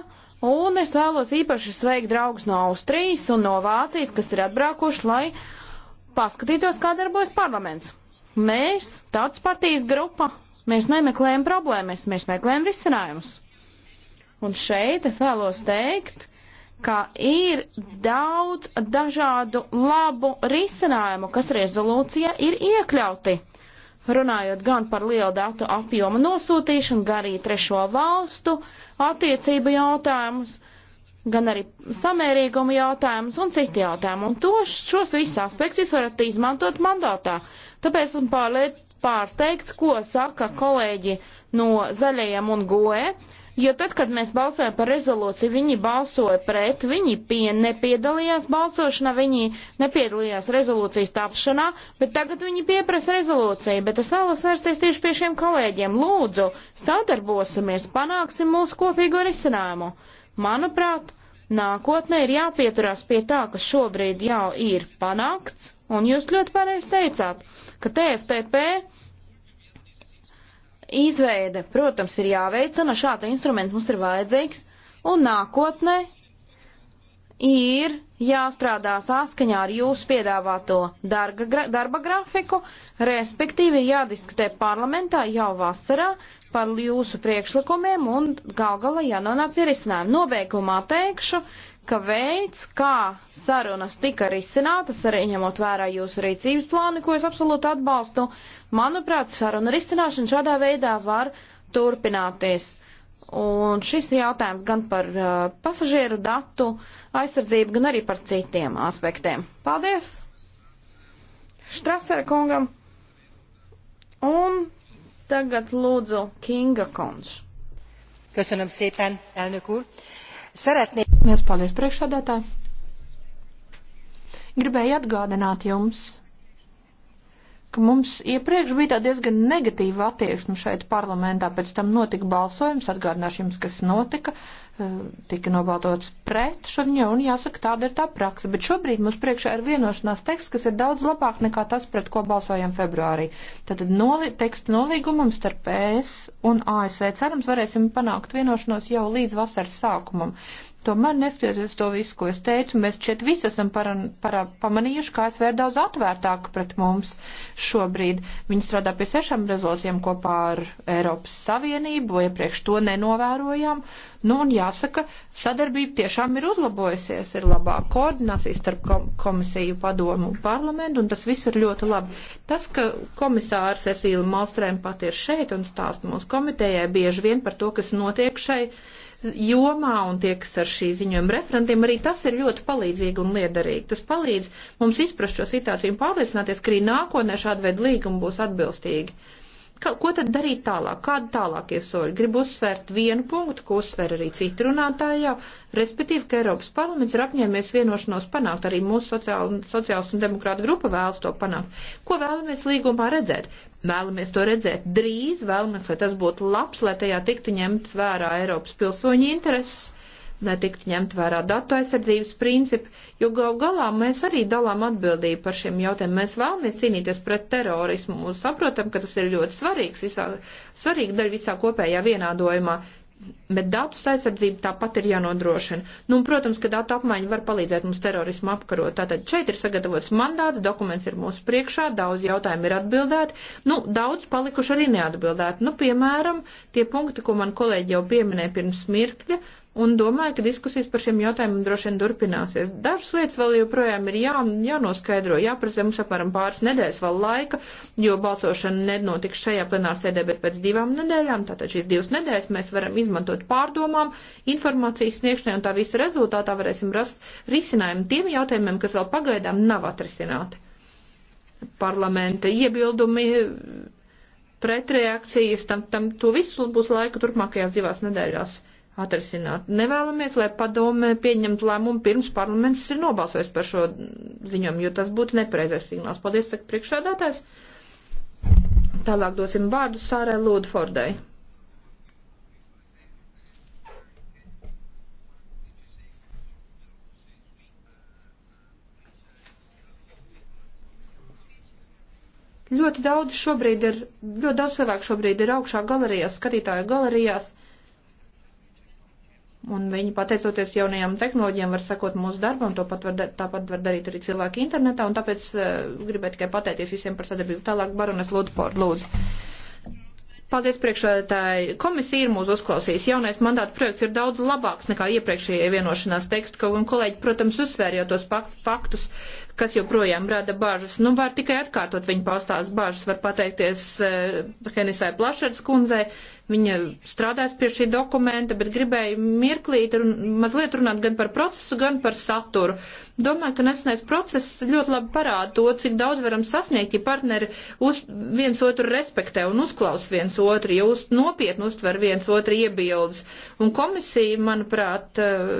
Un es vēlos īpaši sveikt draugus no Austrijas un no Vācijas, kas ir atbraukuši, lai paskatītos, kā darbojas parlaments. Mēs, tāds partijas grupa, mēs nemeklējam problēmas, mēs meklējam risinājumus. Un šeit es vēlos teikt, ka ir daudz dažādu labu risinājumu, kas rezolūcijā ir iekļauti. Runājot gan par lielu datu apjomu nosūtīšanu, gan arī trešo valstu attiecību jautājumus, gan arī samērīgumu jautājumus un citu jautājumu. Un tos, šos visus aspektus jūs varat izmantot mandātā. Tāpēc esmu pārsteigts, ko saka kolēģi no Zaļajiem un Goe Jo tad, kad mēs balsojam par rezolūciju, viņi balsoja pret, viņi pie, nepiedalījās balsošanā, viņi nepiedalījās rezolūcijas tapšanā, bet tagad viņi pieprasa rezolūciju. Bet es vēlos vērsties tieši pie šiem kolēģiem. Lūdzu, sadarbosimies, panāksim mūsu kopīgo risinājumu. Manuprāt, nākotnē ir jāpieturās pie tā, kas šobrīd jau ir panākts, un jūs ļoti pareizi teicāt, ka TFTP izveide, protams, ir jāveicina, šāda instruments mums ir vajadzīgs, un nākotnē ir jāstrādā saskaņā ar jūsu piedāvāto darga, gra, darba grafiku, respektīvi ir jādiskutē parlamentā jau vasarā par jūsu priekšlikumiem un gal galā jānonāk pie risinājuma. Nobeigumā teikšu, ka veids, kā sarunas tika risinātas, arī ņemot vērā jūsu rīcības plānu, ko es absolūti atbalstu, manuprāt, saruna risināšana šādā veidā var turpināties. Un šis jautājums gan par uh, pasažieru datu aizsardzību, gan arī par citiem aspektiem. Paldies! Štrasera kungam! Un tagad lūdzu Kinga Konš. Köszönöm szépen, elnök úr! Uh, Szeretném. Mēs paldies priekšsādātāji. Gribēju atgādināt jums, ka mums iepriekš bija tā diezgan negatīva attieksme šeit parlamentā, pēc tam notika balsojums, atgādināšu jums, kas notika, Ehm, tika nobaltots pret šodien, un jāsaka, tāda ir tā praksa. Bet šobrīd mums priekšā ir vienošanās teksts, kas ir daudz labāk nekā tas, pret ko balsojam februārī. Tātad noli, teksta nolīgumam starp ES un ASV cerams varēsim panākt vienošanos jau līdz vasaras sākumam. Tomēr, neskatoties to visu, ko es teicu, mēs šeit visi esam para, para, pamanījuši, kā es vēr daudz atvērtāk pret mums šobrīd. Viņi strādā pie sešām rezolūcijām kopā ar Eiropas Savienību, iepriekš to nenovērojām. Nu, un jāsaka, sadarbība tiešām ir uzlabojusies, ir labā koordinācija starp komisiju, padomu un parlamentu, un tas viss ir ļoti labi. Tas, ka komisārs Esīla Malstrēm pat ir šeit un stāst mūsu komitejai bieži vien par to, kas notiek šeit jomā un tie, kas ar šī ziņojuma referentiem, arī tas ir ļoti palīdzīgi un liederīgi. Tas palīdz mums izprast šo situāciju un pārliecināties, ka arī nākotnē šāda veida līguma būs atbilstīgi. Ka, ko tad darīt tālāk? Kādi tālākie soļi? Gribu uzsvērt vienu punktu, ko uzsver arī citi runātāji jau, respektīvi, ka Eiropas parlaments ir apņēmies vienošanos panākt, arī mūsu sociāl, sociālistu un demokrāta grupa vēlas to panākt. Ko vēlamies līgumā redzēt? Vēlamies to redzēt drīz, vēlamies, lai tas būtu labs, lai tajā tiktu ņemts vērā Eiropas pilsoņu intereses lai tiktu ņemt vērā datu aizsardzības principi, jo gal galā mēs arī dalām atbildību par šiem jautājumiem. Mēs vēlamies cīnīties pret terorismu, un saprotam, ka tas ir ļoti svarīgs, visā, svarīga daļa visā kopējā vienādojumā, bet datu aizsardzība tāpat ir jānodrošina. Nu, un, protams, ka datu apmaiņa var palīdzēt mums terorismu apkarot. Tātad šeit ir sagatavots mandāts, dokuments ir mūsu priekšā, daudz jautājumu ir atbildēti, nu, daudz palikuši arī neatbildēti. Nu, piemēram, tie punkti, ko man kolēģi jau pieminēja pirms mirkļa, un domāju, ka diskusijas par šiem jautājumiem droši vien turpināsies. Dažas lietas vēl joprojām ir jā, jānoskaidro, jāprezē mums apmēram pāris nedēļas vēl laika, jo balsošana nenotiks šajā plenārsēdē, bet pēc divām nedēļām, tātad šīs divas nedēļas mēs varam izmantot pārdomām, informācijas sniegšanai un tā visa rezultātā varēsim rast risinājumu tiem jautājumiem, kas vēl pagaidām nav atrisināti. Parlamenta iebildumi pretreakcijas, tam, tam to visu būs laika turpmākajās divās nedēļās atrisināt. Nevēlamies, lai padome pieņemtu lēmumu pirms parlaments ir nobalsojis par šo ziņojumu, jo tas būtu nepreizais signāls. Paldies, saka priekšādātājs. Tālāk dosim vārdu Sārai Lūdfordai. Ļoti daudz šobrīd ir, ļoti daudz cilvēku šobrīd ir augšā galerijās, skatītāju galerijās Un viņi, pateicoties jaunajām tehnoloģijām, var sakot mūsu darbam, to pat var, tāpat var darīt arī cilvēki internetā, un tāpēc uh, eh, gribētu tikai pateikties visiem par sadarbību. Tālāk Baronas Ludford, lūdzu. Paldies priekšētāji. Komisija ir mūs uzklausījis. Jaunais mandāta projekts ir daudz labāks nekā iepriekšējie vienošanās teksti, ka un kolēģi, protams, uzsvēr jau tos faktus, kas joprojām rada bāžas. Nu, var tikai atkārtot viņu paustās bāžas, var pateikties uh, Henisai Plašards kundzei. Uh, Viņa strādās pie šī dokumenta, bet gribēja mirklīt un mazliet runāt gan par procesu, gan par saturu. Domāju, ka nesenais process ļoti labi parāda to, cik daudz varam sasniegt, ja partneri uz, viens otru respektē un uzklaus viens otru, ja uz, nopietni uztver viens otru iebildes. Un komisija, manuprāt, eh,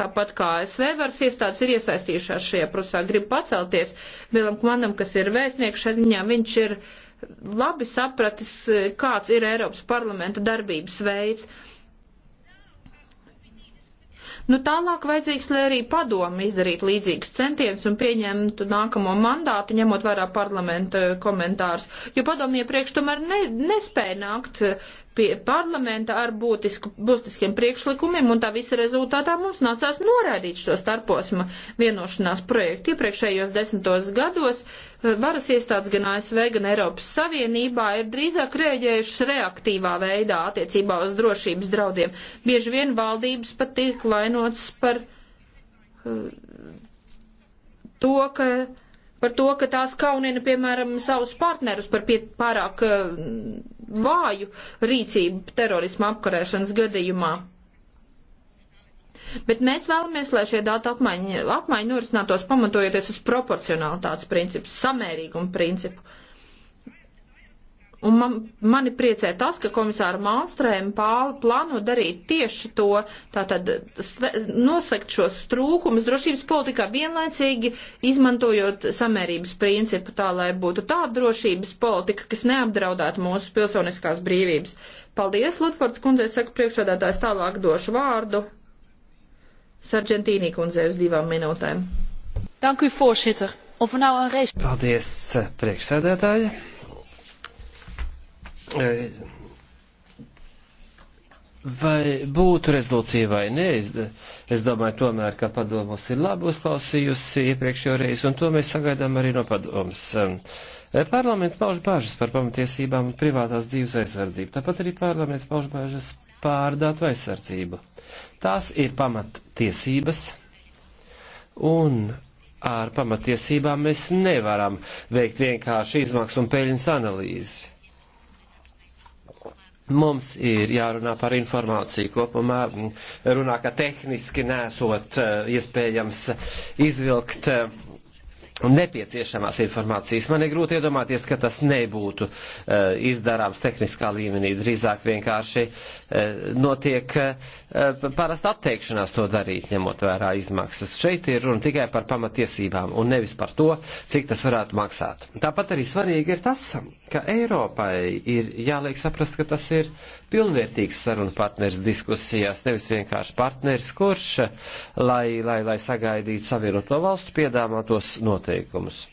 tāpat kā SV varas iestādes ir iesaistījušās šajā procesā, grib pacelties Bilam Kmanam, kas ir vēstnieks šeit ziņā, viņš ir labi sapratis, eh, kāds ir Eiropas parlamenta darbības veids. Nu, tālāk vajadzīgs, lai arī padomu izdarītu līdzīgus centienus un pieņemtu nākamo mandātu, ņemot vērā parlamenta komentārus, jo padomu iepriekš tomēr ne, nespēja nākt eh, pie parlamenta ar būtisku, būtiskiem priekšlikumiem, un tā visa rezultātā mums nācās noraidīt šo starposma vienošanās projektu. Iepriekšējos desmitos gados eh, varas iestādes gan ASV, gan Eiropas Savienībā ir drīzāk rēģējušas reaktīvā veidā attiecībā uz drošības draudiem. Bieži vien valdības pat tiek vainots par eh, to, ka par to, ka tās kaunina, piemēram, savus partnerus par pie, pārāk uh, vāju rīcību terorisma apkarēšanas gadījumā. Bet mēs vēlamies, lai šie datu apmaiņa, apmaiņa norisinātos pamatojoties uz proporcionalitātes principu, samērīgumu principu. Uh, Un man, mani priecē tas, ka komisāra Mālstrēma plāno darīt tieši to, tātad nosakt šos trūkumus drošības politikā vienlaicīgi izmantojot samērības principu tā, lai būtu tāda drošības politika, kas neapdraudētu mūsu pilsoniskās brīvības. Paldies, Lutfords kundze, saka priekšādātājs tālāk došu vārdu. Sargentīnī kundze uz divām minūtēm. Dank u, voorzitter. Of er nou een race... Paldies, priekšsēdētāji. Vai būtu rezolūcija vai nē, es, es domāju tomēr, ka padomus ir labi uzklausījusi iepriekšējo reizi, un to mēs sagaidām arī no padomus. Parlaments pauž bāžas par pamatiesībām un privātās dzīves aizsardzību, tāpat arī parlaments pauž bāžas pār datu aizsardzību. Tās ir pamattiesības, un ar pamatiesībām mēs nevaram veikt vienkārši izmaksu un peļņas analīzi Mums ir jārunā par informāciju kopumā, runā, ka tehniski nesot eh, iespējams izvilkt uh, nepieciešamās informācijas. Man ir grūti iedomāties, ka tas nebūtu uh, izdarāms tehniskā līmenī. Drīzāk vienkārši uh, notiek uh, parasta atteikšanās to darīt, ņemot vērā izmaksas. Šeit ir runa tikai par pamatiesībām un nevis par to, cik tas varētu maksāt. Tāpat arī svarīgi ir tas, ka Eiropai ir jāliek saprast, ka tas ir pilnvērtīgs sarunu partners diskusijās, nevis vienkārši partners, kurš, eh, lai, lai, lai sagaidītu savienoto valstu piedāvātos noteikumus.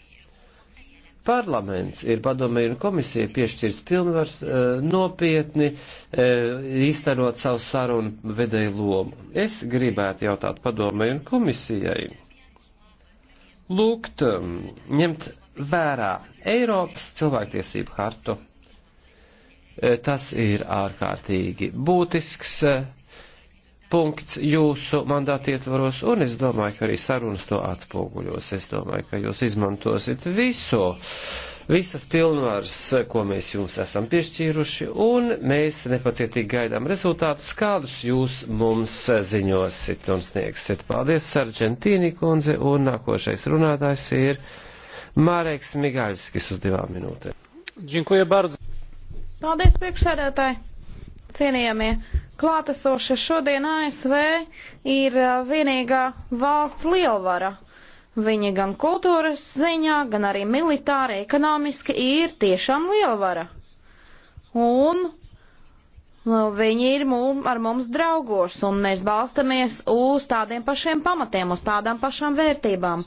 Parlaments ir padomē un komisija piešķirs pilnvars e, nopietni e, eh, iztarot savu sarunu vedēju lomu. Es gribētu jautāt padomē un komisijai. Lūgt, ehm, ņemt vērā Eiropas cilvēktiesību hartu E, tas ir ārkārtīgi būtisks e, punkts jūsu mandāti ietvaros, un es domāju, ka arī sarunas to atspoguļos. Es domāju, ka jūs izmantosiet visu, visas pilnvaras, ko mēs jums esam piešķīruši, un mēs nepacietīgi gaidām rezultātus, kādus jūs mums ziņosit un sniegsit. Paldies, Sargentīni kundze, un nākošais runātājs ir Māreks Migaļskis uz divām minūtēm. Dziękuję bardzo. Paldies, priekšsēdētāji! Cienījamie klātesošie šodien ASV ir vienīgā valsts lielvara. Viņa gan kultūras ziņā, gan arī militāri, ekonomiski ir tiešām lielvara. Un Nu, viņi ir mūm, ar mums draugos, un mēs balstamies uz tādiem pašiem pamatiem, uz tādām pašām vērtībām.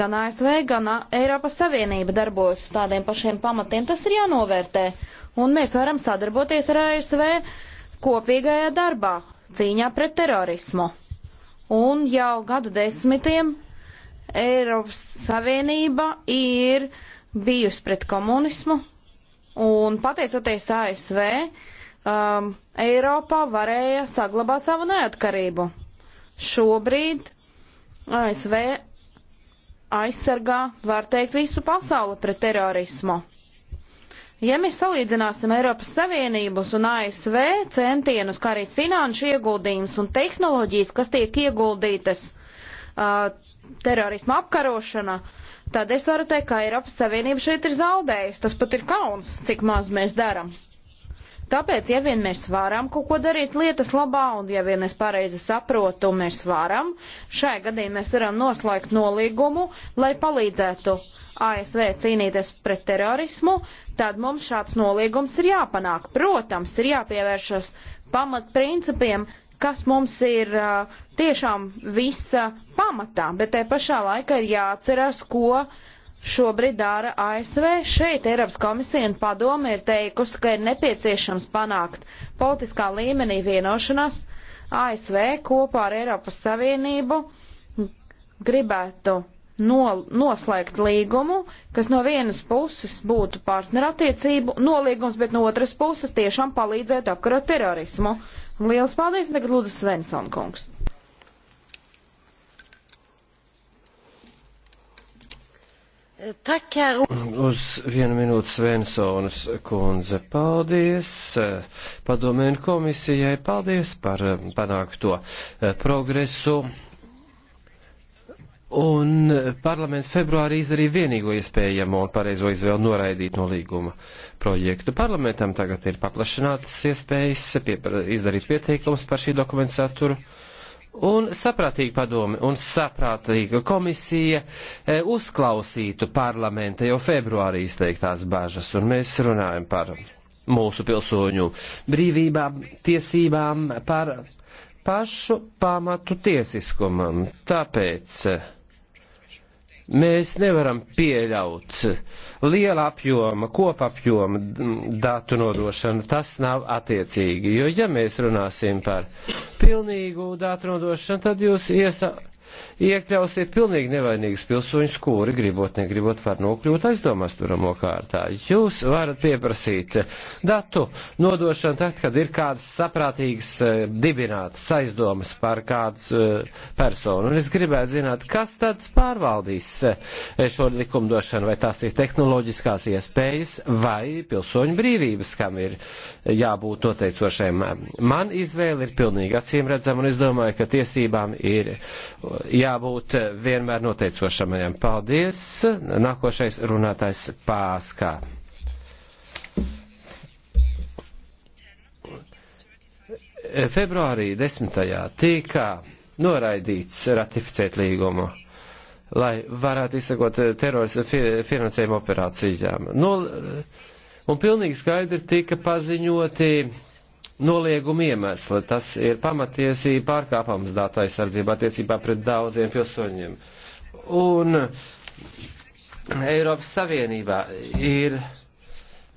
Gan ASV, gan Eiropas Savienība darbojas uz tādiem pašiem pamatiem. Tas ir jānovērtē, un mēs varam sadarboties ar ASV kopīgajā darbā, cīņā pret terorismu. Un jau gadu desmitiem Eiropas Savienība ir bijusi pret komunismu, un pateicoties ASV, um, Eiropā varēja saglabāt savu neatkarību. Šobrīd ASV aizsargā, var teikt, visu pasauli pret terorismu. Ja mēs salīdzināsim Eiropas Savienības un ASV centienus, kā arī finanšu ieguldījumus un tehnoloģijas, kas tiek ieguldītas uh, terorismu apkarošanā, tad es varu teikt, ka Eiropas Savienība šeit ir zaudējusi. Tas pat ir kauns, cik maz mēs darām. Tāpēc, ja vien mēs varam kaut ko darīt lietas labā, un ja vien es pareizi saprotu, mēs varam, šai gadījumā mēs varam noslēgt nolīgumu, lai palīdzētu ASV cīnīties pret terorismu, tad mums šāds nolīgums ir jāpanāk. Protams, ir jāpievēršas pamatprincipiem, kas mums ir uh, tiešām visa pamatā, bet te pašā laikā ir jāatcerās, ko uh, šobrīd dara ASV. Šeit Eiropas komisija un padome ir teikusi, ka ir nepieciešams panākt politiskā līmenī vienošanās ASV kopā ar Eiropas Savienību gribētu no, noslēgt līgumu, kas no vienas puses būtu partnerattiecību nolīgums, bet no otras puses tiešām palīdzētu apkarot terorismu. Lielas paldies, tagad lūdzu Svensson kungs. Uz vienu minūtu Svensonas kundze. Paldies eh, padomēnu komisijai, paldies par eh, panākto eh, progresu. Un parlaments februārī izdarīja vienīgo iespējamo un pareizo izvēlu noraidīt no līguma projektu. Parlamentam tagad ir paplašinātas iespējas pie, izdarīt pieteikums par šī dokumentu saturu. Uh, un saprātīgi padomi un saprātīga komisija e, uzklausītu parlamenta jau februārī izteiktās bažas, un mēs runājam par mūsu pilsoņu brīvībām, tiesībām, par pašu pamatu tiesiskumam. Tāpēc e, Mēs nevaram pieļaut liela apjoma, kopapjoma datu nodošanu. Tas nav attiecīgi, jo ja mēs runāsim par pilnīgu datu nodošanu, tad jūs iesa iekļausiet pilnīgi nevainīgus pilsoņus, kuri gribot, negribot, var nokļūt aizdomās turamo kārtā. Jūs varat pieprasīt datu nodošanu tad, kad ir kādas saprātīgas eh, dibinātas aizdomas par kādas eh, personu. Un es gribētu zināt, kas tad pārvaldīs eh, šo likumdošanu, vai tās ir tehnoloģiskās iespējas vai pilsoņu brīvības, kam ir jābūt noteicošajam. Man izvēle ir pilnīgi acīm redzama, un es domāju, ka tiesībām ir jābūt eh, vienmēr noteicošamajam. Paldies! Nākošais runātais Pāskā. Februārī 10. tika noraidīts ratificēt līgumu, lai varētu izsakot eh, terorismu finansējumu operācijām. No, un pilnīgi skaidri tika paziņoti nolieguma iemesli. Tas ir pamatiesība pārkāpams datu aizsardzība attiecībā pret daudziem pilsoņiem. Un Eiropas Savienībā ir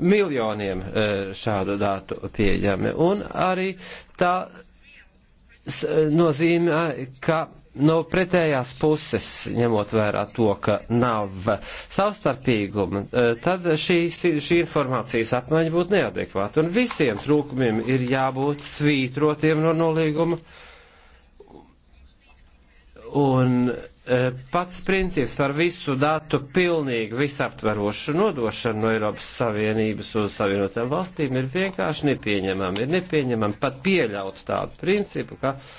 miljoniem e, šādu datu pieejami. Un arī tā e, nozīmē, ka no nu, pretējās puses, ņemot vērā to, ka nav savstarpīguma, eh, tad šī, šī informācijas apmaiņa būtu neadekvāta. Un visiem trūkumiem ir jābūt svītrotiem no nolīguma. Un eh, pats princips par visu datu pilnīgi visaptverošu nodošanu no Eiropas Savienības uz Savienotām valstīm ir vienkārši nepieņemami. Ir nepieņemami pat pieļaut tādu principu, ka uh,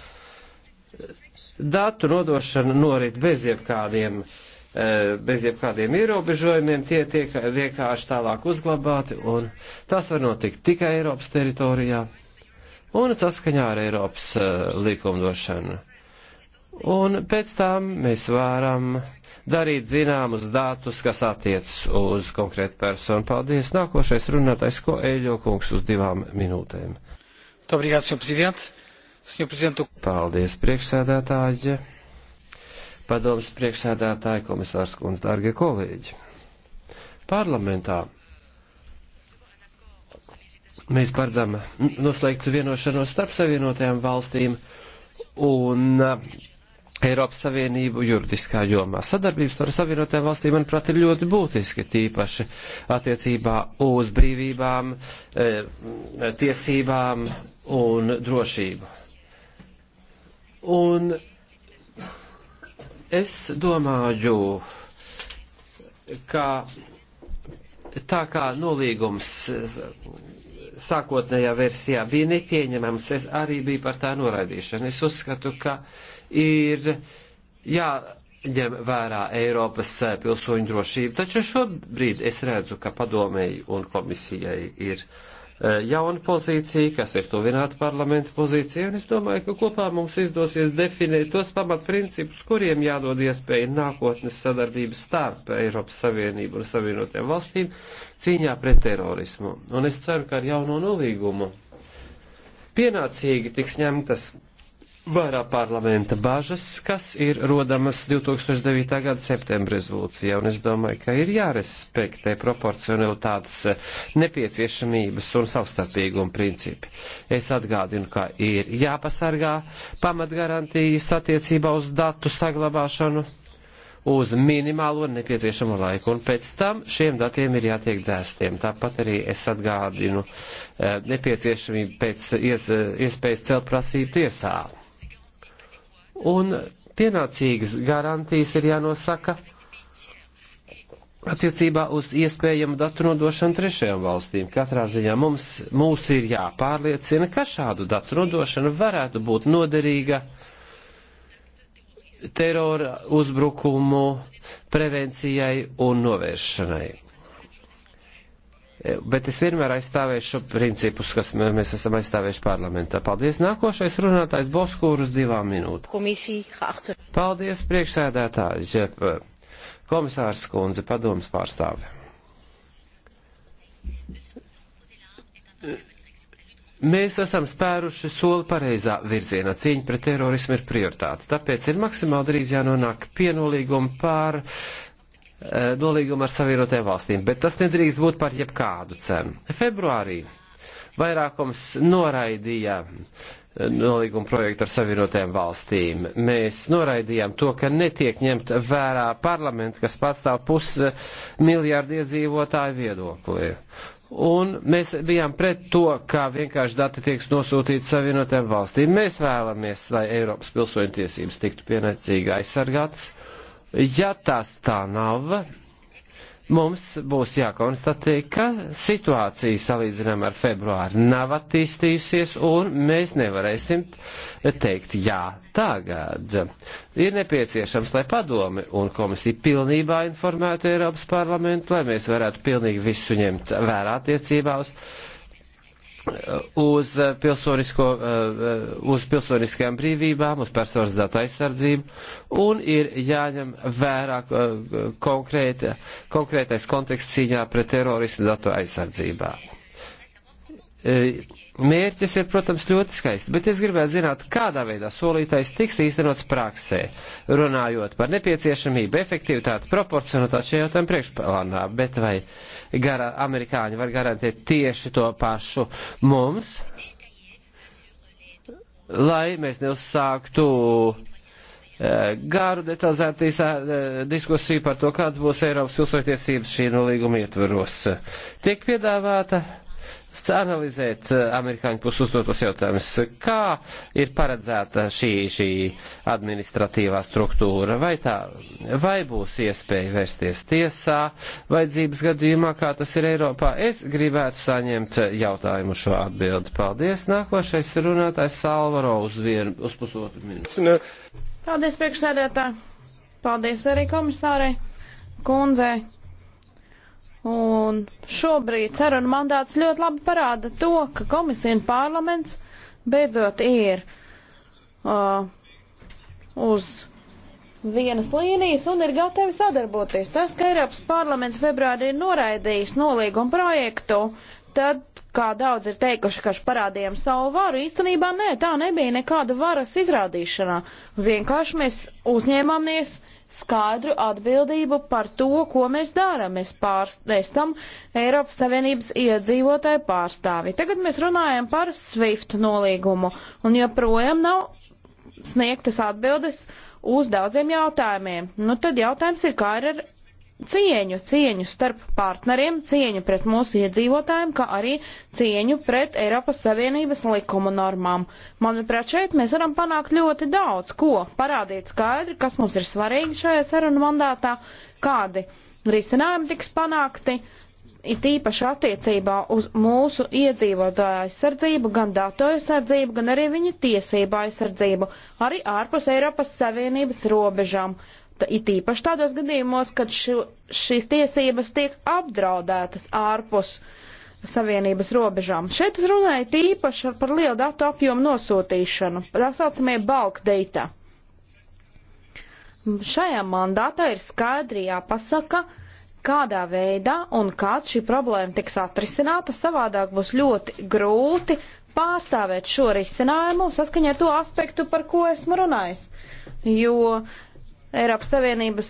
Datu nodošana norit bez jebkādiem, e, bez jebkādiem ierobežojumiem, tie tiek vienkārši tālāk uzglabāti, un tas var notikt tikai Eiropas teritorijā un saskaņā ar Eiropas e, likumdošanu. Un pēc tam mēs varam darīt zināmus datus, kas attiec uz konkrētu personu. Paldies. Nākošais runātais, ko Eļo kungs uz divām minūtēm. Dobrīgāts, jo prezidents. Paldies, priekšsēdētāji, padomas priekšsēdētāji, komisārs kundze, dārgie kolēģi. Parlamentā mēs paredzam noslēgtu vienošanos starp savienotajām valstīm un uh, Eiropas Savienību juridiskā jomā. Sadarbības ar savienotajām valstīm, manuprāt, ir ļoti būtiski, tīpaši attiecībā uz brīvībām, eh, tiesībām un drošību. Un es domāju, ka tā kā nolīgums sākotnējā versijā bija nepieņemams, es arī biju par tā noraidīšanu. Es uzskatu, ka ir jāņem vērā Eiropas pilsoņu drošība, taču šobrīd es redzu, ka padomēji un komisijai ir uh, Eh, jauna pozīcija, kas ir tuvināta parlamenta pozīcija, un es domāju, ka kopā mums izdosies definēt tos pamatprincipus, kuriem jādod iespēja nākotnes sadarbības starp Eiropas Savienību un Savienotajām valstīm cīņā pret terorismu. Un es ceru, ka ar jauno nolīgumu pienācīgi tiks ņemtas vērā parlamenta bažas, kas ir rodamas 2009. gada septembra rezolūcijā, un es domāju, ka ir jārespektē proporcionalitātes nepieciešamības un savstarpīguma principi. Es atgādinu, ka ir jāpasargā pamatgarantijas attiecībā uz datu saglabāšanu uz minimālo nepieciešamo laiku, un pēc tam šiem datiem ir jātiek dzēstiem. Tāpat arī es atgādinu eh, nepieciešamību pēc ies, iespējas celt prasību tiesā un pienācīgas garantijas ir jānosaka attiecībā uz iespējamu datu nodošanu trešajām valstīm. Katrā ziņā mums, mums ir jāpārliecina, ka šādu datu nodošana varētu būt noderīga terora uzbrukumu prevencijai un novēršanai bet es vienmēr aizstāvēšu principus, kas mēs esam aizstāvējuši parlamentā. Paldies. Nākošais runātājs Boskūrus divām minūtēm. Paldies, priekšsēdētāji, eh, komisārs kundze, padomas pārstāve. Mēs esam spēruši soli pareizā virzienā. Cīņa pret terorismu ir prioritāte. Tāpēc ir maksimāli drīz jānonāk pienolīguma pār Eh, nolīgumu ar savienotajām valstīm, bet tas nedrīkst būt par jebkādu cenu. Februārī vairākums noraidīja eh, nolīguma projektu ar savienotajām valstīm. Mēs noraidījām to, ka netiek ņemt vērā parlaments, kas pārstāv pusmiljārdu eh, iedzīvotāju viedokli. Un mēs bijām pret to, kā vienkārši dati tiek nosūtīti savienotajām valstīm. Mēs vēlamies, lai Eiropas pilsoņu tiesības tiktu pienācīgi aizsargātas Ja tas tā nav, mums būs jākonstatē, ka situācija salīdzinām ar februāru nav attīstījusies un mēs nevarēsim teikt jā tagad. Ir nepieciešams, lai padome un komisija pilnībā informētu Eiropas parlamentu, lai mēs varētu pilnīgi visu ņemt vērā attiecībā uz uz, eh, pilsonisko, eh, uz pilsoniskajām brīvībām, uz personas datu aizsardzību un ir jāņem vērā eh, konkrēta, konkrētais konteksts cīņā pret terorismu datu aizsardzībā. Mērķis ir, protams, ļoti skaists, bet es gribētu zināt, kādā veidā solītais tiks īstenots praksē, runājot par nepieciešamību, efektivitāti, proporcionalitāti šajā jautājuma priekšplānā, bet vai gara, amerikāņi var garantēt tieši to pašu mums, lai mēs neuzsāktu eh, garu detalizētu eh, diskusiju par to, kāds būs Eiropas pilsoņtiesības šī nolīguma ietveros. Tiek piedāvāta analizēt eh, amerikāņu puses uzdotos jautājumus, kā ir paredzēta šī, šī administratīvā struktūra, vai tā, vai būs iespēja vērsties tiesā, vajadzības gadījumā, kā tas ir Eiropā. Es gribētu saņemt jautājumu šo atbildi. Paldies. Nākošais runātājs Salvaro uz, vienu, uz pusotru minūti. Paldies, priekšsēdētāji. Paldies arī komisārai. Kundzei. Un šobrīd saruna mandāts ļoti labi parāda to, ka komisija un parlaments beidzot ir uh, uz vienas līnijas un ir gatavi sadarboties. Tas, ka Eiropas parlaments februārī ir noraidījis nolīgumu projektu, tad, kā daudz ir teikuši, ka parādījām savu varu, īstenībā nē, tā nebija nekāda varas izrādīšanā. Vienkārši mēs uzņēmāmies uh, skaidru atbildību par to, ko mēs darām. Mēs pārstāvam Eiropas Savienības iedzīvotāju pārstāvi. Tagad mēs runājam par SWIFT nolīgumu un joprojām nav sniegtas atbildes uz daudziem jautājumiem. Nu, tad jautājums ir, kā ir ar cieņu, cieņu starp partneriem, cieņu pret mūsu iedzīvotājiem, kā arī cieņu pret Eiropas Savienības likumu normām. Manuprāt, šeit mēs varam panākt ļoti daudz, ko parādīt skaidri, kas mums ir svarīgi šajā sarunu mandātā, kādi risinājumi tiks panākti, it īpaši attiecībā uz mūsu iedzīvotāju aizsardzību, gan datu aizsardzību, gan arī viņa tiesību aizsardzību, arī ārpus Eiropas Savienības robežām. It īpaši tādos gadījumos, kad š, šīs tiesības tiek apdraudētas ārpus Savienības robežām. Šeit es runāju tīpaši par lielu datu apjomu nosūtīšanu, tā saucamie bulk data. Šajā mandātā ir skaidri jāpasaka, kādā veidā un kad šī problēma tiks atrisināta. Savādāk būs ļoti grūti pārstāvēt šo risinājumu saskaņā ar to aspektu, par ko esmu runājis. Jo Eiropas Savienības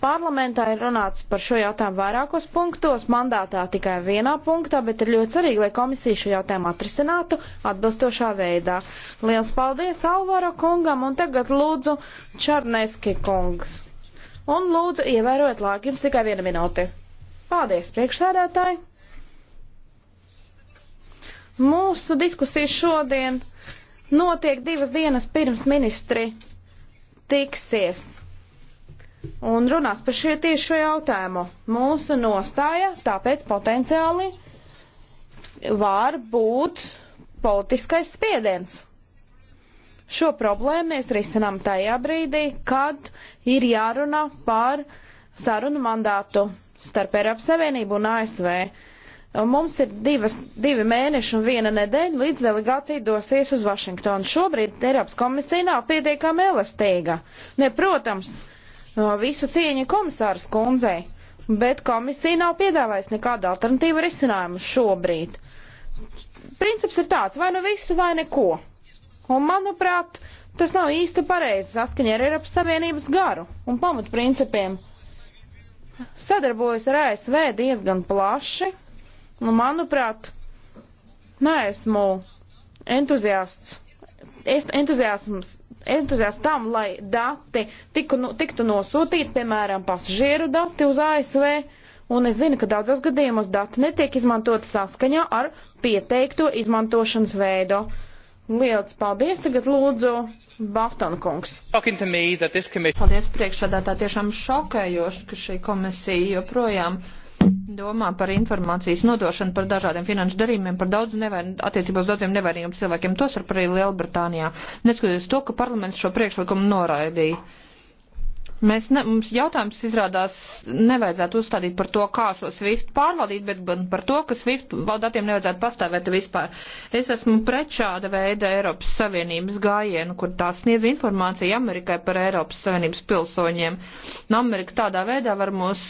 parlamentā ir runāts par šo jautājumu vairākos punktos, mandātā tikai vienā punktā, bet ir ļoti svarīgi, lai komisija šo jautājumu atrisinātu atbilstošā veidā. Liels paldies Alvaro kungam un tagad lūdzu Čarneski kungs. Un lūdzu ievērojiet laiku, jums tikai viena minūte. Paldies, priekšsēdētāji! Mūsu diskusija šodien notiek divas dienas pirms ministri tiksies un runās par šie tieši šo jautājumu. Mūsu nostāja tāpēc potenciāli var būt politiskais spiediens. Šo problēmu mēs risinām tajā brīdī, kad ir jārunā par sarunu mandātu starp Eiropas Savienību un ASV. Mums ir divas, divi mēneši un viena nedēļa, līdz delegācija dosies uz Vašingtonu. Šobrīd Eiropas komisija nav pietiekami elastīga. Ne, protams, visu cieņu komisāras kundzei, bet komisija nav piedāvājusi nekādu alternatīvu risinājumu šobrīd. Princips ir tāds, vai nu visu, vai neko. Un, manuprāt, tas nav īsti pareizi saskaņā ar Eiropas Savienības garu un pamatprincipiem. Sadarbojos ar ASV diezgan plaši, Nu, manuprāt, neesmu entuziasts. Es entuziasms, entuziasts tam, lai dati tiku, nu, tiktu nosūtīti, piemēram, pasažieru dati uz ASV, un es zinu, ka daudzos gadījumos dati netiek izmantoti saskaņā ar pieteikto izmantošanas veidu. Liels paldies, tagad lūdzu Baftona kungs. Paldies priekšādā, tā tiešām šokējoši, ka šī komisija joprojām domā par informācijas nodošanu par dažādiem finanšu darījumiem, par daudz nevain, attiecībā uz daudziem nevainīgiem cilvēkiem. Tos ar arī Lielbritānijā, neskatoties to, ka parlaments šo priekšlikumu noraidīja. Mēs ne, mums jautājums izrādās nevajadzētu uzstādīt par to, kā šo SWIFT pārvaldīt, bet par to, ka SWIFT datiem nevajadzētu pastāvēt vispār. Es esmu pret šāda veida Eiropas Savienības gājienu, kur tā sniedz informāciju Amerikai par Eiropas Savienības pilsoņiem. Un Amerika tādā veidā var mūs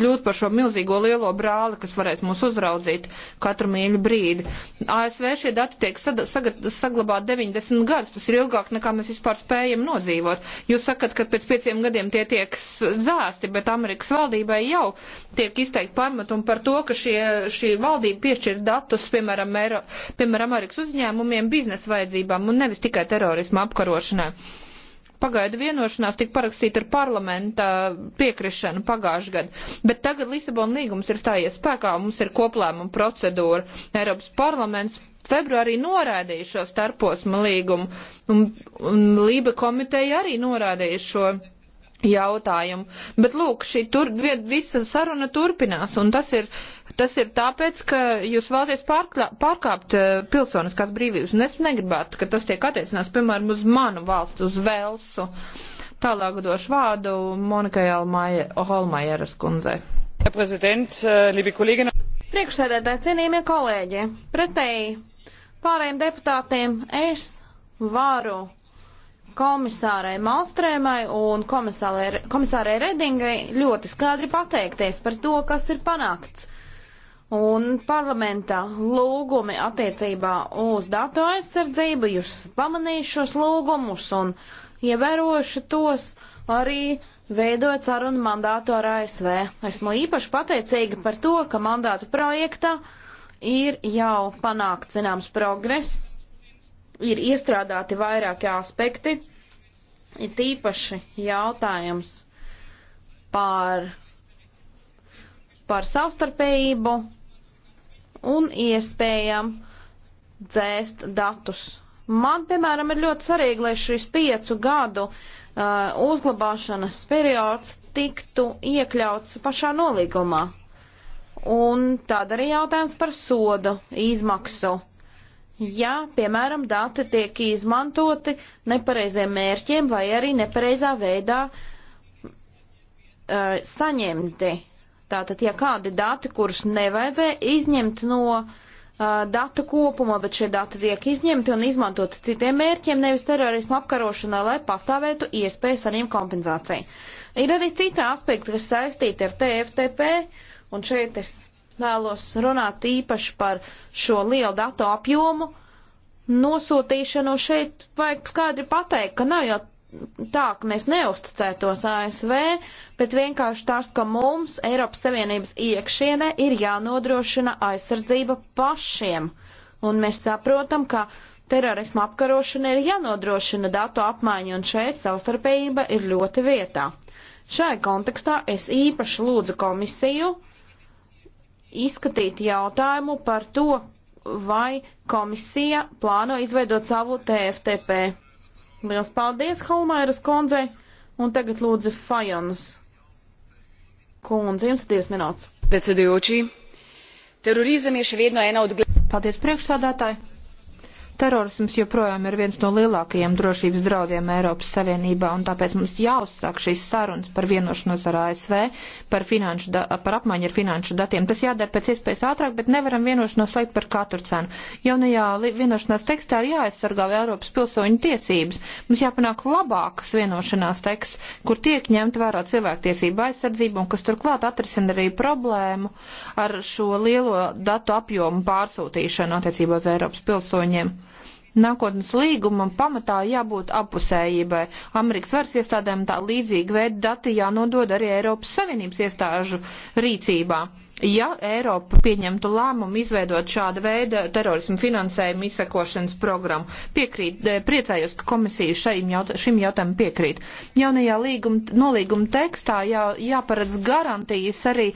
kļūt par šo milzīgo lielo brāli, kas varēs mūs uzraudzīt katru mīļu brīdi. ASV šie dati tiek saglabāti 90 gadus, tas ir ilgāk nekā mēs vispār spējam nodzīvot. Jūs sakat, ka pēc pieciem gadiem gadiem tie tiek zāsti, bet Amerikas valdībai jau tiek izteikti pārmetumi par to, ka šie, šī valdība piešķir datus, piemēram, Eiro, piemēram, Amerikas uzņēmumiem biznesa vajadzībām un nevis tikai terorismu apkarošanai. Pagaidu vienošanās tika parakstīta ar parlamenta piekrišanu pagājušajā gadā, bet tagad Lisabona līgums ir stājies spēkā, mums ir koplēmuma procedūra. Eiropas parlaments februārī norādīja šo starposma līgumu, un, un Lība komiteja arī norādīja šo jautājumu. Bet lūk, šī tur, visa saruna turpinās, un tas ir, tas ir tāpēc, ka jūs vēlaties pārkāpt eh, pilsoniskās brīvības, un es negribētu, ka tas tiek attiecināts, piemēram, uz manu valstu, uz Velsu. Tālāk došu vārdu Monikai Holmajeras kundzei. Äh, Priekšsēdētāji, cienījamie kolēģi, pretēji pārējiem deputātiem es varu komisārai Malstrēmai un komisārai Redingai ļoti skaidri pateikties par to, kas ir panākts. Un parlamentā lūgumi attiecībā uz datu aizsardzību, jūs pamanījuši šos lūgumus un ievērojuši tos arī veidojot sarunu mandātu ar ASV. Esmu īpaši pateicīga par to, ka mandātu projektā ir jau panākts zināms progress ir iestrādāti vairāki aspekti, ir tīpaši jautājums par, par savstarpējību un iespējām dzēst datus. Man, piemēram, ir ļoti svarīgi, lai šis piecu gadu uh, uzglabāšanas periods tiktu iekļauts pašā nolīgumā. Un tad arī jautājums par sodu izmaksu ja, piemēram, dati tiek izmantoti nepareiziem mērķiem vai arī nepareizā veidā uh, saņemti. Tātad, ja kādi dati, kurus nevajadzēja izņemt no uh, datu kopuma, bet šie dati tiek izņemti un izmantoti citiem mērķiem, nevis terorismu apkarošanai, lai pastāvētu iespēja saņemt kompensāciju. Ir arī citi aspekti, kas saistīti ar TFTP, un šeit es vēlos runāt īpaši par šo lielu datu apjomu nosūtīšanu. Šeit vajag skaidri pateikt, ka nav jau tā, ka mēs neusticētos ASV, bet vienkārši tas, ka mums Eiropas Savienības iekšienē ir jānodrošina aizsardzība pašiem. Un mēs saprotam, ka terorismu apkarošana ir jānodrošina datu apmaiņa, un šeit savstarpējība ir ļoti vietā. Šai kontekstā es īpaši lūdzu komisiju izskatīt jautājumu par to, vai komisija plāno izveidot savu TFTP. Liels paldies Holmairas kundzei, un tagad lūdzu Fajonas kundze, jums ir 10 minūtes. Precedējoči, terorizam ir še vedno ena od... Paldies priekšsādātāji. Terorisms joprojām ir viens no lielākajiem drošības draudiem Eiropas Savienībā, un tāpēc mums jāuzsāk šīs sarunas par vienošanos ar ASV, par, finanšu, da, par apmaiņu ar finanšu datiem. Tas jādara pēc iespējas ātrāk, bet nevaram vienošanos slēgt par katru cenu. Jaunajā vienošanās tekstā ir jāaizsargā Eiropas pilsoņu tiesības. Mums jāpanāk labākas vienošanās teksts, kur tiek ņemt vērā cilvēktiesība aizsardzība un kas turklāt atrisina arī problēmu ar šo lielo datu apjomu pārsūtīšanu attiecībā uz Eiropas pilsoņiem nākotnes līgumam pamatā jābūt apusējībai. Amerikas varas iestādēm tā līdzīga veida dati jānodod arī Eiropas Savienības iestāžu rīcībā ja Eiropa pieņemtu lēmumu izveidot šādu veidu terorismu finansējumu izsekošanas programmu. Piekrīt, eh, priecājos, ka komisija šajim jaut šim jautājumam piekrīt. Jaunajā līguma, nolīguma tekstā jā, jāparedz garantijas arī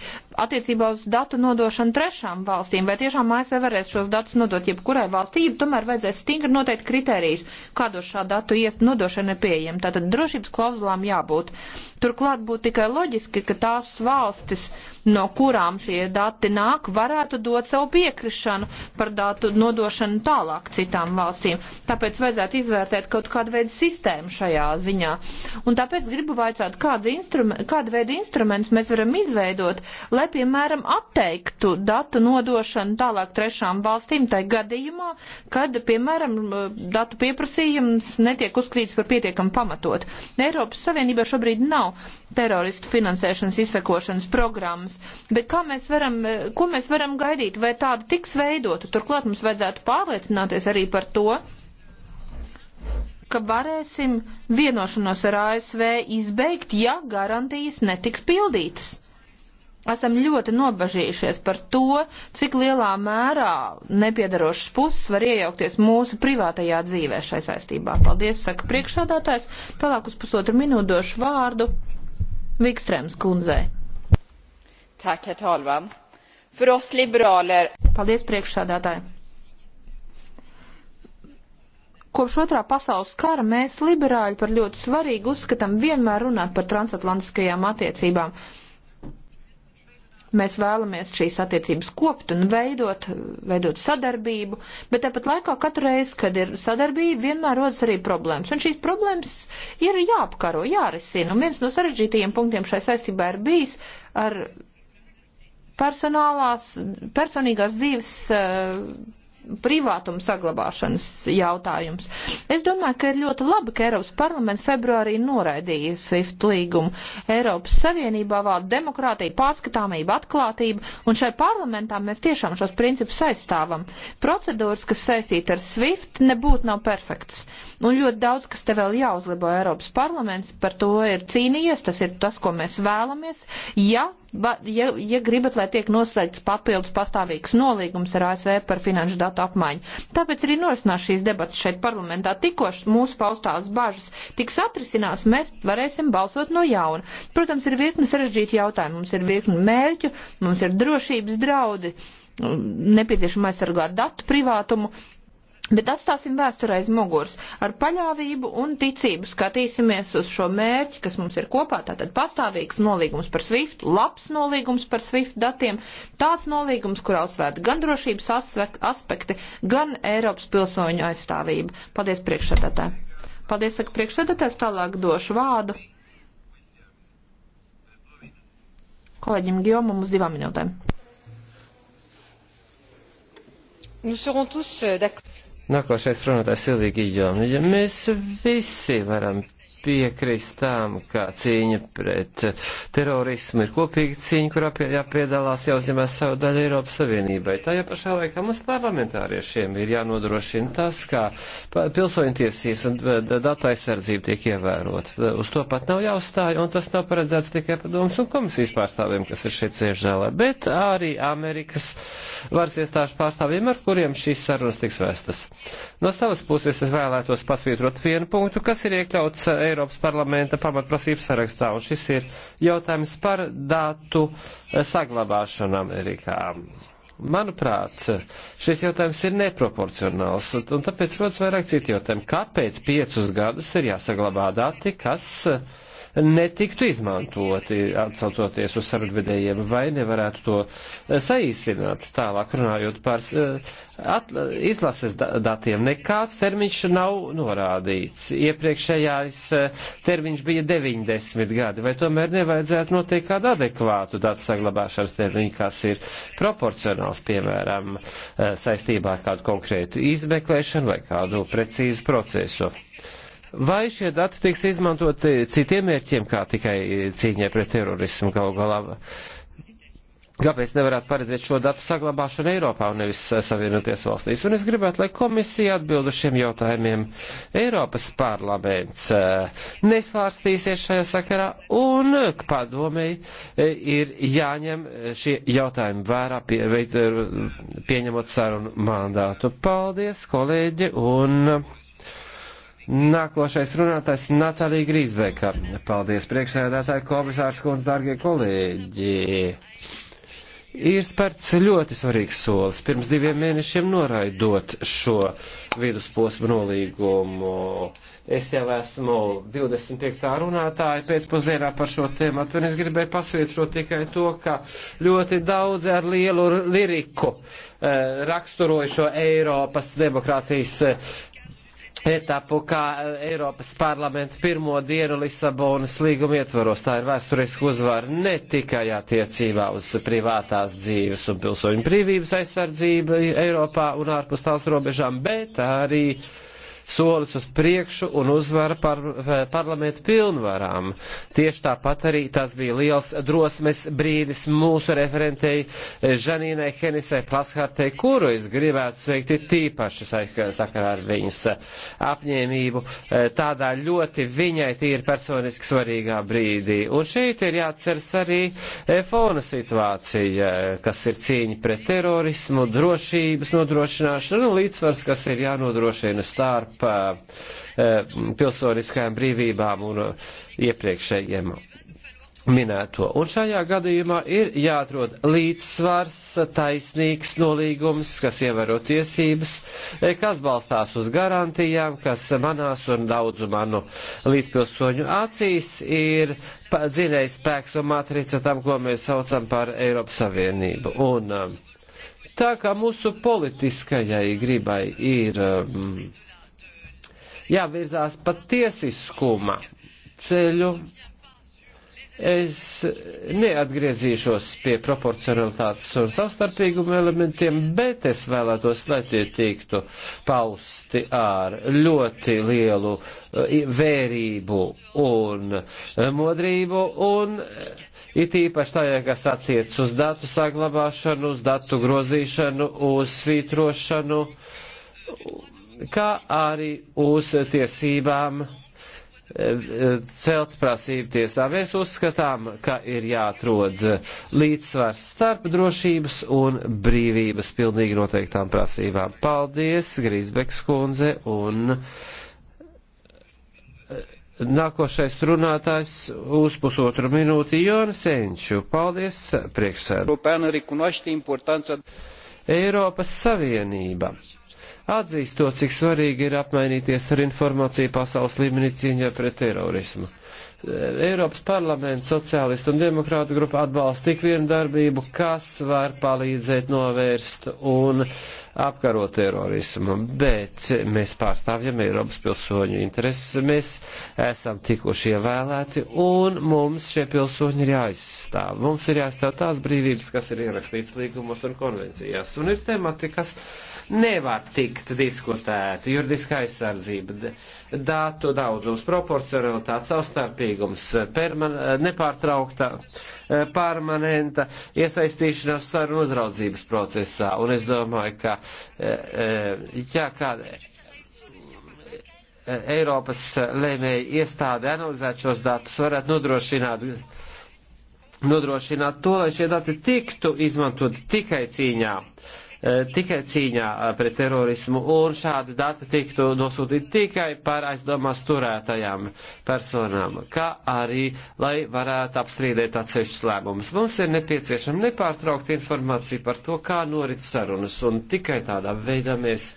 attiecībā uz datu nodošanu trešām valstīm, vai tiešām ASV varēs šos datus nodot jebkurai valstī, tomēr vajadzēs stingri noteikt kriterijus, kādos šā datu iest nodošana ir pieejama. Tātad drošības klauzulām jābūt. Turklāt būtu tikai loģiski, ka tās valstis, uh, no kurām šie dati nāk, varētu dot savu piekrišanu par datu nodošanu tālāk citām valstīm. Tāpēc vajadzētu izvērtēt kaut kādu veidu sistēmu šajā ziņā. Un tāpēc gribu vaicāt, kādu, instrum, kādu veidu instrumentus mēs varam izveidot, lai, piemēram, atteiktu datu nodošanu tālāk trešām valstīm, tai gadījumā, kad, piemēram, datu pieprasījums netiek uzskatīts par pietiekami pamatot. Eiropas Savienībā šobrīd nav teroristu finansēšanas izsakošanas programmas jaunas. Bet kā mēs varam, eh, ko mēs varam gaidīt, vai tāda tiks veidota? Turklāt mums vajadzētu pārliecināties arī par to, ka varēsim vienošanos ar ASV izbeigt, ja garantijas netiks pildītas esam ļoti nobažījušies par to, cik lielā mērā nepiedarošas puses var iejaukties mūsu privātajā dzīvē šai saistībā. Paldies, saka priekšādātājs. Tālāk uz pusotru minūtu došu vārdu Vikstrēms kundzei. Herr talman! För oss liberāler. Paldies, priekšsādātāji. Kopš otrā pasaules kara mēs liberāļi par ļoti svarīgu uzskatām vienmēr runāt par transatlantiskajām attiecībām. Mēs vēlamies šīs attiecības kopt un veidot, veidot sadarbību, bet tāpat laikā katru reizi, kad ir sadarbība, vienmēr rodas arī problēmas. Un šīs problēmas ir jāapkaro, jārisina. Un viens no sarežģītajiem punktiem šai saistībā ir bijis ar personālās, personīgās dzīves eh, privātuma saglabāšanas jautājums. Es domāju, ka ir ļoti labi, ka Eiropas parlaments februārī noraidīja SWIFT līgumu. Eiropas Savienībā valda demokrātija, pārskatāmība, atklātība, un šai parlamentā mēs tiešām šos principus aizstāvam. Procedūras, kas saistīta ar SWIFT, nebūtu nav perfektas. Un ļoti daudz, kas te vēl jāuzlabo Eiropas parlaments, par to ir cīnījies, tas ir tas, ko mēs vēlamies. Ja ja, ja gribat, lai tiek noslēgts papildus pastāvīgs nolīgums ar ASV par finanšu datu apmaiņu. Tāpēc arī norisinās šīs debatas šeit parlamentā. Tikko mūsu paustās bažas tiks atrisinās, mēs varēsim balsot no jauna. Protams, ir virkni sarežģīti jautājumi, mums ir virkni mērķu, mums ir drošības draudi, nepieciešama aizsargāt datu privātumu. Bet atstāsim vēsturē aiz muguras. Ar paļāvību un ticību skatīsimies uz šo mērķi, kas mums ir kopā. Tātad pastāvīgs nolīgums par SWIFT, labs nolīgums par SWIFT datiem, tāds nolīgums, kurā uzsvērt gan drošības aspekti, gan Eiropas pilsoņu aizstāvību. Paldies priekšsēdētāji. Paldies, saka priekšsēdētājs, tālāk došu vādu. Kolēģim Gijomam uz divām minūtēm. Nous serons tous euh, d'accord. Nākošais runātājs Silvija Gijona. Ja mēs visi varam piekrist tam, ka cīņa pret terorismu ir kopīga cīņa, kurā pie, jāpiedalās jāuzņemē savu daļu Eiropas Savienībai. Tajā pašā laikā mums parlamentāriešiem ir jānodrošina tas, kā pilsoņtiesības un eh, datu aizsardzība tiek ievērot. Uz to pat nav jāuzstāj, un tas nav paredzēts tikai padomus un komisijas pārstāvjiem, kas ir šeit sēž zālē, bet arī Amerikas varas iestāžu pārstāvjiem, ar kuriem šīs sarunas tiks vēstas. No savas puses es vēlētos pasvītrot vienu punktu, kas ir iekļauts. Eiropas parlamenta pamatprasības sarakstā, un šis ir jautājums par datu eh, saglabāšanu Amerikā. Manuprāt, šis jautājums ir neproporcionāls, un tāpēc rodas vairāk citi jautājumi. Kāpēc piecus gadus ir jāsaglabā dati, kas uh, netiktu izmantoti, atsaucoties uz sarunvedējiem, vai nevarētu to eh, saīsināt tālāk runājot par eh, at, izlases datiem. Nekāds termiņš nav norādīts. Iepriekšējais eh, termiņš bija 90 gadi, vai tomēr nevajadzētu noteikt kādu adekvātu datu saglabāšanas termiņu, kas ir proporcionāls, piemēram, saistībā ar kādu konkrētu izmeklēšanu vai kādu precīzu procesu. Vai šie dati tiks izmantoti citiem mērķiem, kā tikai cīņai pret terorismu gal galā? Kāpēc nevarētu paredzēt šo datu saglabāšanu Eiropā un nevis Savienoties valstīs? Un es gribētu, lai komisija atbild uz šiem jautājumiem. Eiropas parlaments eh, nesvārstīsies šajā sakarā un padomēji eh, ir jāņem šie jautājumi vērā pie, veid, eh, pieņemot sarunu mandātu. Paldies, kolēģi! Un... Nākošais runātājs Natālija Grīsbeka. Paldies, priekšsēdētāji, komisārs Kunds, dārgie kolēģi. Ir spērts ļoti svarīgs solis pirms diviem mēnešiem noraidot šo vidusposmu nolīgumu. Es jau esmu 25. runātāja pēcpusdienā par šo tēmu, un es gribēju pasvietrot tikai to, ka ļoti daudzi ar lielu liriku eh, raksturojušo Eiropas demokrātijas eh, etapu kā Eiropas parlamenta pirmo dienu Lisabonas līguma ietvaros. Tā ir vēsturiska uzvara ne tikai attiecībā uz privātās dzīves un pilsoņu brīvības aizsardzību Eiropā un ārpus tās robežām, bet arī uh, solis uz priekšu un uzvara par eh, parlamentu pilnvarām. Tieši tāpat arī tas bija liels drosmes brīdis mūsu referentei eh, Žanīnai Henisai Plashartei, kuru es gribētu sveikt tīpaši sakarā ar viņas eh, apņēmību tādā ļoti viņai tīri personiski svarīgā brīdī. Un šeit ir jāatceras arī fona situācija, kas ir cīņa pret terorismu, drošības nodrošināšanu un nu, līdzsvars, kas ir jānodrošina starp starp eh, pilsoniskajām brīvībām un iepriekšējiem minēto. Un šajā gadījumā ir jāatrod līdzsvars, taisnīgs nolīgums, kas ievēro tiesības, eh, kas balstās uz garantijām, kas manās un daudzu manu līdzpilsoņu acīs ir dzinējs spēks un matrica tam, ko mēs saucam par Eiropas Savienību. Un eh, tā kā mūsu politiskajai gribai ir. Um, jāvirzās pa tiesiskuma ceļu. Es neatgriezīšos pie proporcionalitātes un savstarpīguma elementiem, bet es vēlētos, lai tie tiktu pausti ar ļoti lielu eh, vērību un eh, modrību un eh, it īpaši tajā, kas attiec uz datu saglabāšanu, uz datu grozīšanu, uz svītrošanu kā arī uz tiesībām eh, eh, celt prasību tiesā. Mēs uzskatām, ka ir jāatrod līdzsvars starp drošības un brīvības pilnīgi noteiktām prasībām. Paldies, Grīsbeks kundze, un eh, nākošais runātājs uz pusotru minūti Jonas Enču. Paldies, priekšsēdētāj. Eiropas Savienība atzīst to, cik svarīgi ir apmainīties ar informāciju pasaules līmenī cīņā pret terorismu. Eiropas parlaments, sociālistu un demokrātu grupa atbalsta tik vienu darbību, kas var palīdzēt novērst un apkarot terorismu, bet mēs pārstāvjam Eiropas pilsoņu intereses, mēs esam tikuši ievēlēti un mums šie pilsoņi ir jāizstāv. Mums ir jāizstāv tās brīvības, kas ir ierakstīts līgumos un konvencijās. Un ir temati, kas nevar tikt diskutēta. Juridiskā aizsardzība, dātu daudzums, proporcionalitāte, savstarpīgums, perman, nepārtraukta, e, permanenta iesaistīšanās sarunu uzraudzības procesā. Un es domāju, ka, e, e, ja kāda Eiropas lēmēja iestāde analizētu šos datus, varētu nodrošināt nodrošināt to, lai šie dati tiktu izmantoti tikai cīņā tikai cīņā pret terorismu, un šādi dati tiktu nosūtīti tikai par aizdomās turētajām personām, kā arī, lai varētu apstrīdēt atsevišķus lēmumus. Mums ir nepieciešama nepārtraukta informācija par to, kā norit sarunas, un tikai tādā veidā mēs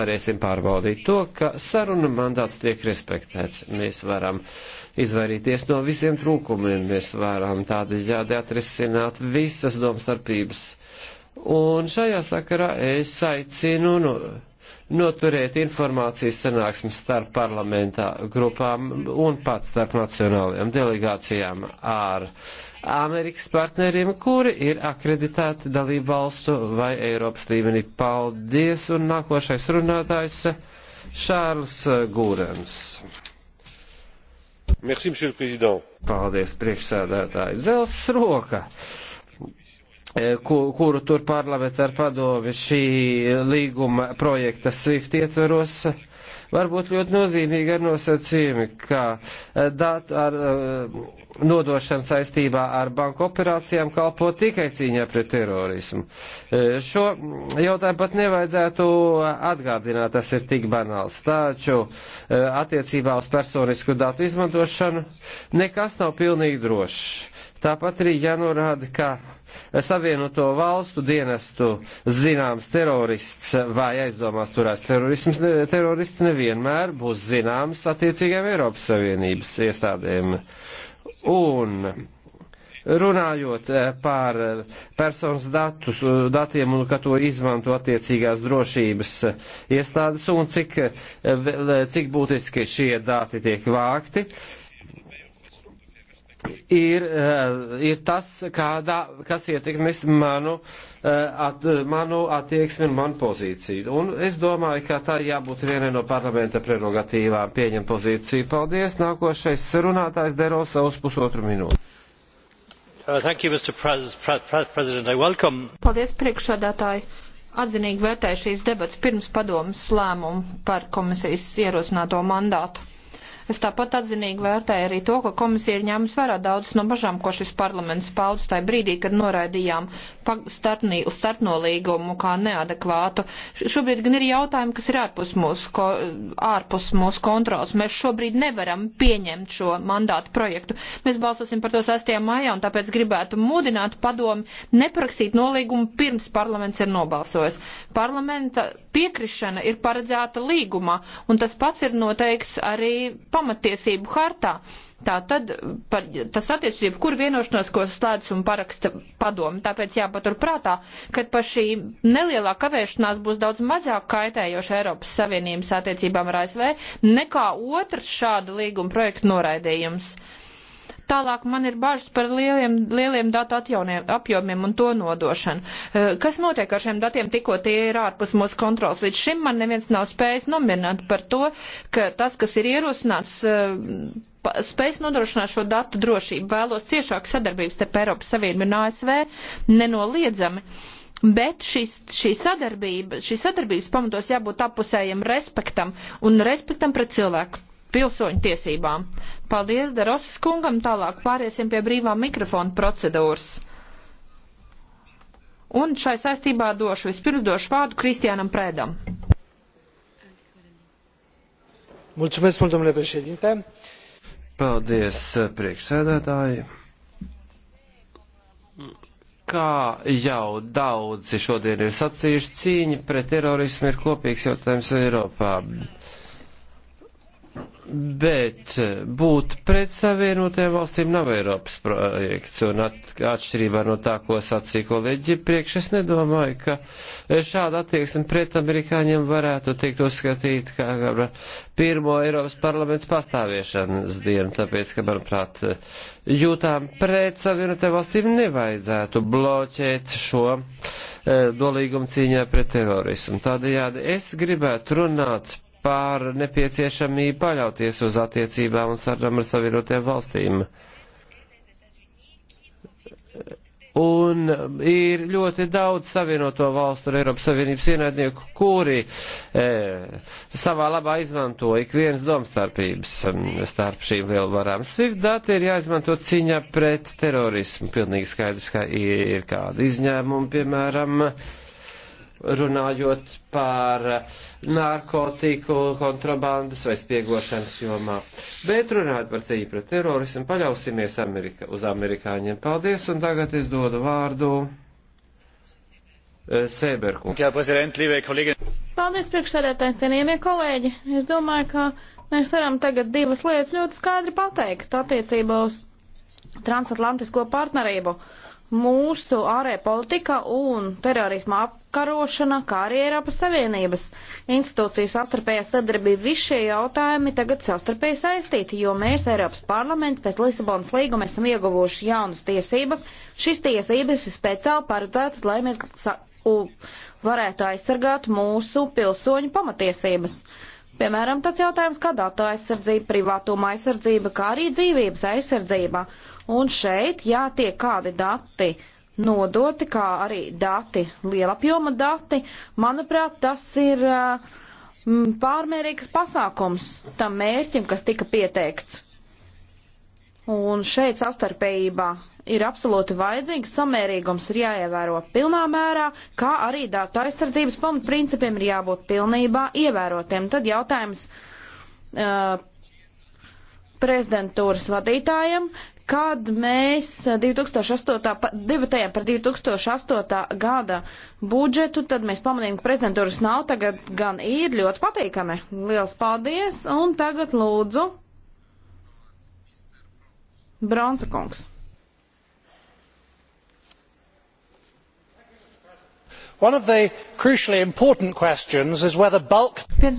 varēsim pārbaudīt to, ka saruna mandāts tiek respektēts. Mēs varam izvairīties no visiem trūkumiem, mēs varam tādējādi atrisināt visas domstarpības Un šajā sakarā es aicinu nu, noturēt informācijas sanāksmes starp parlamentā grupām un pat starp nacionālajām delegācijām ar Amerikas partneriem, kuri ir akreditēti dalību valstu vai Eiropas līmenī. Paldies! Un nākošais runātājs Šārls Gūrens. Merci, Paldies, priekšsēdētāji! Zels roka! E, kuru tur parlaments ar padovi šī līguma projekta SWIFT ietveros, var būt ļoti nozīmīgi ar nosacījumi, ka dat, ar, nodošana saistībā ar banku operācijām kalpo tikai cīņā pret terorismu. E, šo jautājumu pat nevajadzētu atgādināt, tas ir tik banāls. Taču e, attiecībā uz personisku datu izmantošanu nekas nav pilnīgi drošs. Tāpat arī jānorāda, ka Savienoto valstu dienestu zināms terorists vai aizdomās turās terorisms, ne, terorists nevienmēr būs zināms attiecīgiem Eiropas Savienības iestādēm. Uh, Un runājot eh, par eh, personas datus, eh, datiem un ka to izmanto attiecīgās drošības iestādes un cik, cik būtiski šie dati tiek vākti, uh, ir, eh, ir tas, kādā, kas ietekmēs manu, eh, at, manu attieksmi un manu pozīciju. Un es domāju, ka tā jābūt vienai no parlamenta prerogatīvām pieņem pozīciju. Paldies. Nākošais runātājs dero savus pusotru minūtu. Uh, you, Prez, Paldies, priekšsādātāji. Atzinīgi vērtēju šīs debats pirms padomas lēmumu par komisijas ierosināto mandātu. Es tāpat atzinīgi vērtēju arī to, ka komisija ir ņēmusi vērā daudzas no bažām, ko šis parlaments paudz tajā brīdī, kad noraidījām startnolīgumu kā neadekvātu. Šobrīd gan ir jautājumi, kas ir ārpus mūsu, ko, ārpus mūsu kontrols. Mēs šobrīd nevaram pieņemt šo mandātu projektu. Mēs balsosim par to 6. maijā un tāpēc gribētu mudināt padomu neparakstīt nolīgumu pirms parlaments ir nobalsojis. Parlamenta piekrišana ir paredzēta līgumā un tas pats ir noteikts arī pamatiesību hartā. Tā tad par, tas attiec uz jebkuru vienošanos, ko slēdz un paraksta padomu. Tāpēc jāpaturprātā, ka par šī nelielā kavēšanās būs daudz mazāk kaitējoša Eiropas Savienības attiecībām ar ASV nekā otrs šāda līguma projekta noraidījums. Uh, Tālāk man ir bažas par lieliem, lieliem datu atjaunie, apjomiem un to nodošanu. Eh, kas notiek ar šiem datiem, tikko tie ir ārpus mūsu kontrols? Līdz šim man neviens nav spējis nomierināt par to, ka tas, kas ir ierosināts, eh, spēs nodrošināt šo datu drošību. Vēlos ciešāku sadarbību starp Eiropas Savienību un ASV nenoliedzami. Bet šis, šī sadarbība, šī sadarbības pamatos jābūt apusējiem respektam un respektam pret cilvēku pilsoņu tiesībām. Paldies Darosas kungam, tālāk pāriesim pie brīvā mikrofona procedūras. Un šai saistībā došu vispirms došu vārdu Kristiānam Prēdam. Mulțumesc mult, domnule președinte. Paldies, priekšsēdētāji kā jau daudzi šodien ir sacījuši, cīņa pret terorismu ir kopīgs jautājums Eiropā. Bet eh, būt pret savienotajām valstīm nav Eiropas projekts, un at, atšķirībā no tā, ko sacīja kolēģi priekš, es nedomāju, ka eh, šāda attieksme pret amerikāņiem varētu tikt uzskatīt kā, kā pirmo Eiropas parlaments pastāviešanas dienu, tāpēc, ka, manuprāt, jūtām pret savienotajām valstīm nevajadzētu bloķēt šo e, dolīgumu cīņā pret terorismu. Tādējādi es gribētu runāt par nepieciešamību paļauties uz attiecībām un sarunām ar savienotiem valstīm. Un ir ļoti daudz savienoto valstu un Eiropas Savienības ienaidnieku, kuri e, savā labā izmanto ik viens domstarpības starp šīm lielvarām. SWIFT dati ir jāizmanto cīņā pret terorismu. Pilnīgi skaidrs, ka ir kāda izņēmuma, piemēram, e, runājot par narkotiku kontrabandas vai spiegošanas jomā. Bet runājot par cīņu pret terorismu, paļausimies Amerika, uz amerikāņiem. Paldies, un tagad es dodu vārdu eh, Sēberku. Paldies, priekšsēdētāji, cienījamie kolēģi. Es domāju, ka mēs varam tagad divas lietas ļoti skaidri pateikt attiecībā uz transatlantisko partnerību. Uh, mūsu ārē politika un terorisma apkarošana, kā arī Eiropas Savienības institūcijas savstarpējā sadarbība, visi šie jautājumi tagad savstarpēji saistīti, jo mēs, Eiropas parlaments, pēc Lisabonas līguma esam ieguvuši jaunas tiesības. Šīs tiesības ir speciāli paredzētas, lai mēs varētu aizsargāt mūsu pilsoņu pamatiesības. Piemēram, tāds jautājums kā datu aizsardzība, privātuma aizsardzība, kā arī dzīvības aizsardzība. Un šeit, ja tiek kādi dati nodoti, kā arī dati, lielapjoma dati, manuprāt, tas ir pārmērīgs pasākums tam mērķim, kas tika pieteikts. Un šeit sastarpējībā ir absolūti vajadzīgs, samērīgums ir jāievēro pilnā mērā, kā arī datu aizsardzības pamatprincipiem ir jābūt pilnībā ievērotiem. Tad jautājums uh, prezidentūras vadītājiem, kad mēs 2008, debatējām par 2008. gada budžetu, tad mēs pamanījām, ka prezidentūras nav, tagad gan ir ļoti patīkami. Liels paldies, un tagad lūdzu Bronsa kungs. Viens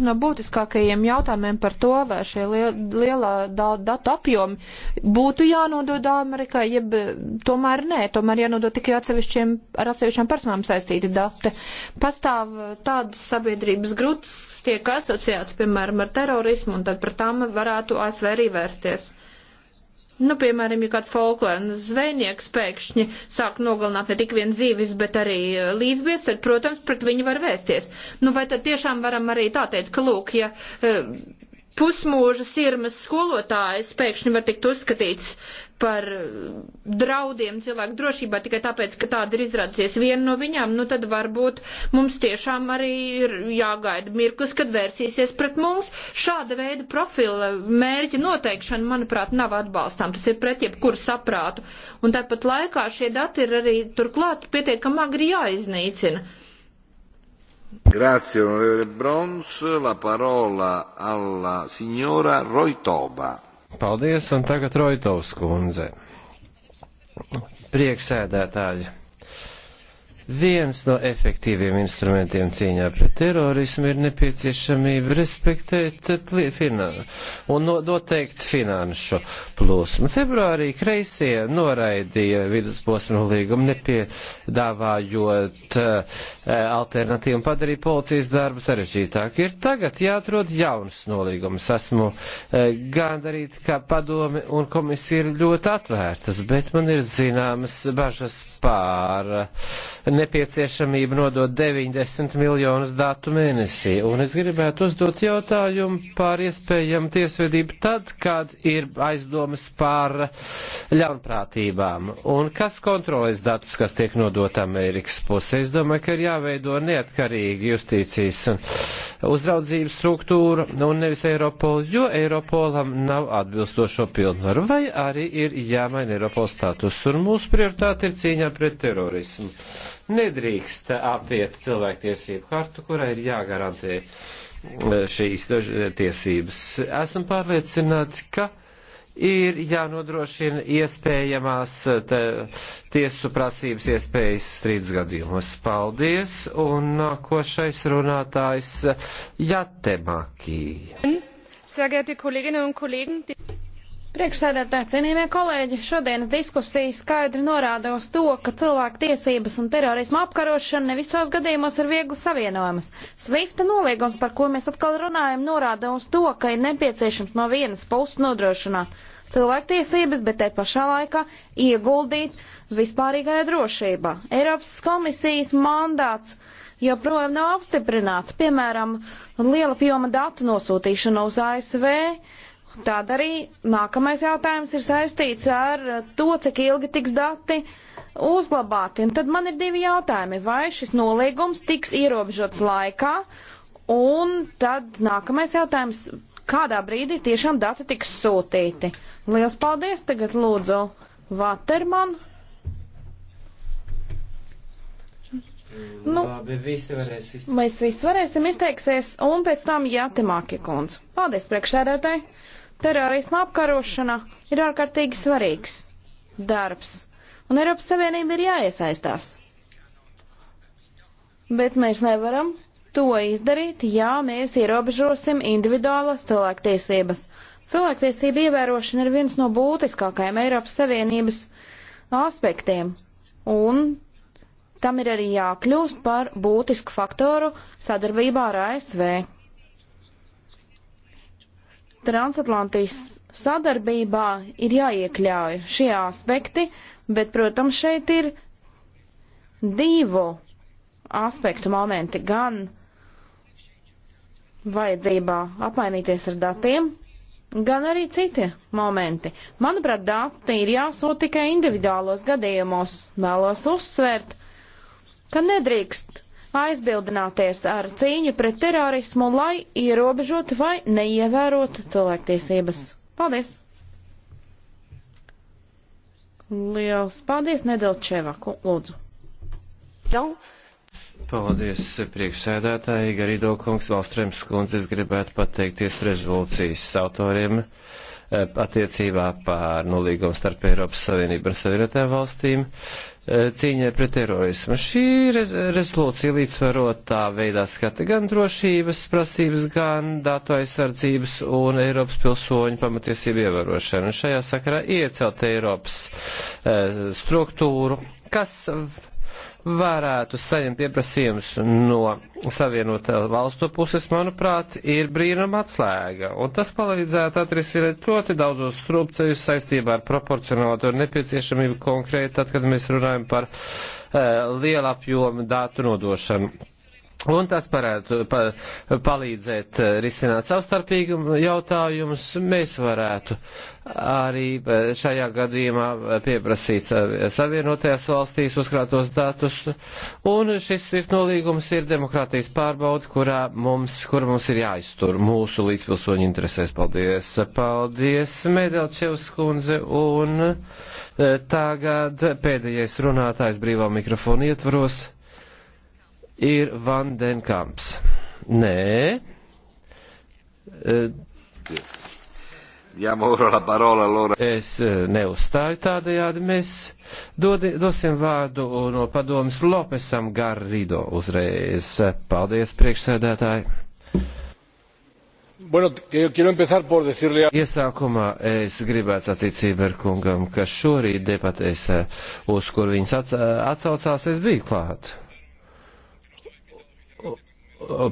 no būtiskākajiem jautājumiem par to, vai šie lielā datu apjomi būtu jānodod Amerikai, jeb eh, tomēr nē, tomēr jānodod tikai atsevišķiem, ar atsevišķām personām saistīti dati. Pastāv eh, tādas sabiedrības grupas, tiek asociētas, piemēram, ar terorismu, un tad par tām varētu ASV arī vērsties. Nu, piemēram, ja kāds folklēns zvejnieks pēkšņi sāk nogalināt ne tik vien dzīvis, bet arī eh, līdzbies, tad, protams, pret viņu var vēsties. Nu, vai tad tiešām varam arī tā teikt, ka, lūk, ja eh, pusmūža sirmas skolotājs pēkšņi var tikt uzskatīts par draudiem cilvēku drošībā tikai tāpēc, ka tāda ir izrādīsies viena no viņām, nu tad varbūt mums tiešām arī ir jāgaida mirklis, kad vērsīsies pret mums. Šāda veida profila mērķa noteikšana, manuprāt, nav atbalstām. Tas ir pret jebkuru saprātu. Un tāpat laikā šie dati ir arī turklāt pietiekam agri jāiznīcina. Uh, Grazie, onorevole Brons. La parola alla signora Roitova. Paldies, un tagad Roitovs kundze. Prieksēdētāji. Viens no efektīviem instrumentiem cīņā pret terorismu ir nepieciešamība respektēt finan un noteikt finanšu plūsmu. Februārī kreisie noraidīja vidusposmu līgumu, nepiedāvājot eh, alternatīvu un padarīja policijas darbu sarežģītāk. Ir tagad jāatrod jauns nolīgums. Esmu eh, gandarīt, ka padome un komisija ir ļoti atvērtas, bet man ir zināmas bažas pār nepieciešamību nodot 90 miljonus datu mēnesī. Un es gribētu uzdot jautājumu par iespējamu tiesvedību tad, kad ir aizdomas par ļaunprātībām. Un kas kontrolēs datus, kas tiek nodot Amerikas pusē? Es domāju, ka ir jāveido neatkarīgi justīcijas un uzraudzības struktūra un nevis Eiropola, jo Eiropolam nav atbilstošo pilnvaru. Vai arī ir jāmaina Eiropola status. Un mūsu prioritāte ir cīņā pret terorismu nedrīkst apiet cilvēktiesību hartu, kurai ir jāgarantē eh, šīs tiesības. Esmu pārliecināts, ka ir jānodrošina iespējamās te, tiesu prasības iespējas strīdus gadījumos. Paldies, un nākošais runātājs Jatemākī. Sehr geehrte Kolleginnen und Kollegen, die Priekšsēdētāji, cienījamie kolēģi, šodienas diskusija skaidri norāda uz to, ka cilvēku tiesības un terorisma apkarošana ne visos gadījumos ir viegli savienojamas. Svifta noliegums, par ko mēs atkal runājam, norāda uz to, ka ir nepieciešams no vienas puses nodrošināt cilvēktiesības, bet te pašā laikā ieguldīt vispārīgajā drošībā. Eiropas komisijas mandāts joprojām nav apstiprināts, piemēram, liela pjoma datu nosūtīšana uz ASV Tad arī nākamais jautājums ir saistīts ar to, cik ilgi tiks dati uzglabāti. Un tad man ir divi jautājumi. Vai šis nolīgums tiks ierobežots laikā? Un tad nākamais jautājums, kādā brīdī tiešām dati tiks sūtīti? Lielas paldies! Tagad lūdzu Vaterman. Nu, Labi, visi varēs izteikties. Mēs visi varēsim izteiksies, un pēc tam jātemākie kundze. Paldies priekšsēdētāji! terorisma apkarošana ir ārkārtīgi svarīgs darbs, un Eiropas Savienība ir jāiesaistās. Bet mēs nevaram to izdarīt, ja mēs ierobežosim individuālas cilvēktiesības. Cilvēktiesība ievērošana ir viens no būtiskākajiem Eiropas Savienības aspektiem, un tam ir arī jākļūst par būtisku faktoru sadarbībā ar ASV transatlantijas sadarbībā ir jāiekļauj šie aspekti, bet, protams, šeit ir divu aspektu momenti gan vajadzībā apmainīties ar datiem, gan arī citi momenti. Manuprāt, dati ir jāsūt tikai individuālos gadījumos. Vēlos uzsvērt, ka nedrīkst aizbildināties ar cīņu pret terorismu, lai ierobežotu vai neievērotu cilvēktiesības. Paldies! Liels paldies, Nedēļ Čevaku, lūdzu. Don't. Paldies, priekšsēdētāji, Garido kungs, Valstrēms kundze, es gribētu pateikties rezolūcijas autoriem eh, attiecībā pār nolīgumu starp Eiropas Savienību un Savienotēm valstīm. Uh, cīņai pret terorismu. Šī rezolūcija līdzsvarotā veidā skata gan drošības prasības, gan datu aizsardzības un Eiropas pilsoņu pamatiesību ievērošanu. Šajā sakarā iecelt Eiropas eh, struktūru, kas varētu saņemt pieprasījumus no savienotā valstu puses, manuprāt, ir brīnuma atslēga. Un tas palīdzētu atrisināt ļoti daudzos strupceļus saistībā ar proporcionālu un nepieciešamību konkrēti, tad, kad mēs runājam par uh, lielapjomu datu nodošanu. Un tas varētu pa, palīdzēt eh, risināt savstarpīgumu jautājumus. Mēs varētu arī eh, šajā gadījumā eh, pieprasīt savienotajās valstīs uzkrātos datus. Un šis SWIFT nolīgums ir demokrātijas pārbauda, kurā mums, kur mums ir jāiztur mūsu līdzpilsoņu interesēs. Paldies! Paldies, Medelčevs kundze! Un tagad pēdējais runātājs brīvā mikrofona ietvaros ir Vandenkamps. Nē. E, es e, neuzstāju tādajādi. Mēs dodi, dosim vārdu no padomas Lopesam Garrido uzreiz. Paldies, priekšsēdētāji! Bueno, decirle... Iesākumā es gribētu sacīt Sīberkungam, ka šorīt debatēs, e, uz kur viņas atsaucās, es biju klāt.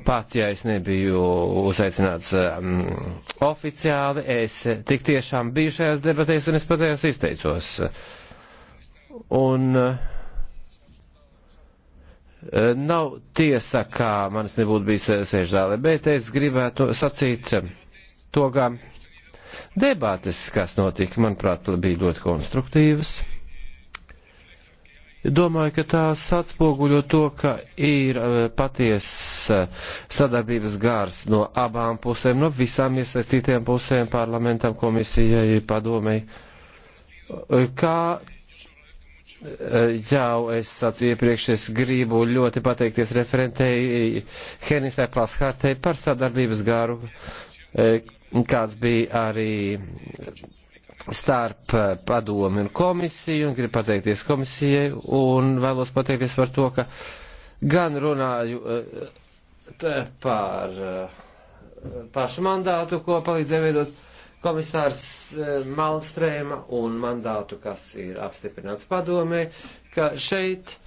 Pats, ja es nebiju uzaicināts um, oficiāli, es tik tiešām biju šajās debatēs un es patējās izteicos. Un uh, nav tiesa, kā manis nebūtu bijis sēžzāle, bet es gribētu sacīt to, ka debātes, kas notika, manuprāt, bija ļoti konstruktīvas. Domāju, ka tās atspoguļo to, ka ir e, patiesa e, sadarbības gārs no abām pusēm, no visām iesaistītiem pusēm, parlamentam, komisijai, padomei. E, kā jau es sacīju iepriekš, es gribu ļoti pateikties referentei Henisai Plaskārtei par sadarbības gāru, kāds bija arī starp eh, padomi un komisiju, un gribu pateikties komisijai, un vēlos pateikties par to, ka gan runāju eh, par eh, pašu mandātu, ko palīdzēja veidot komisārs Malmstrēma un mandātu, kas ir apstiprināts padomē, ka šeit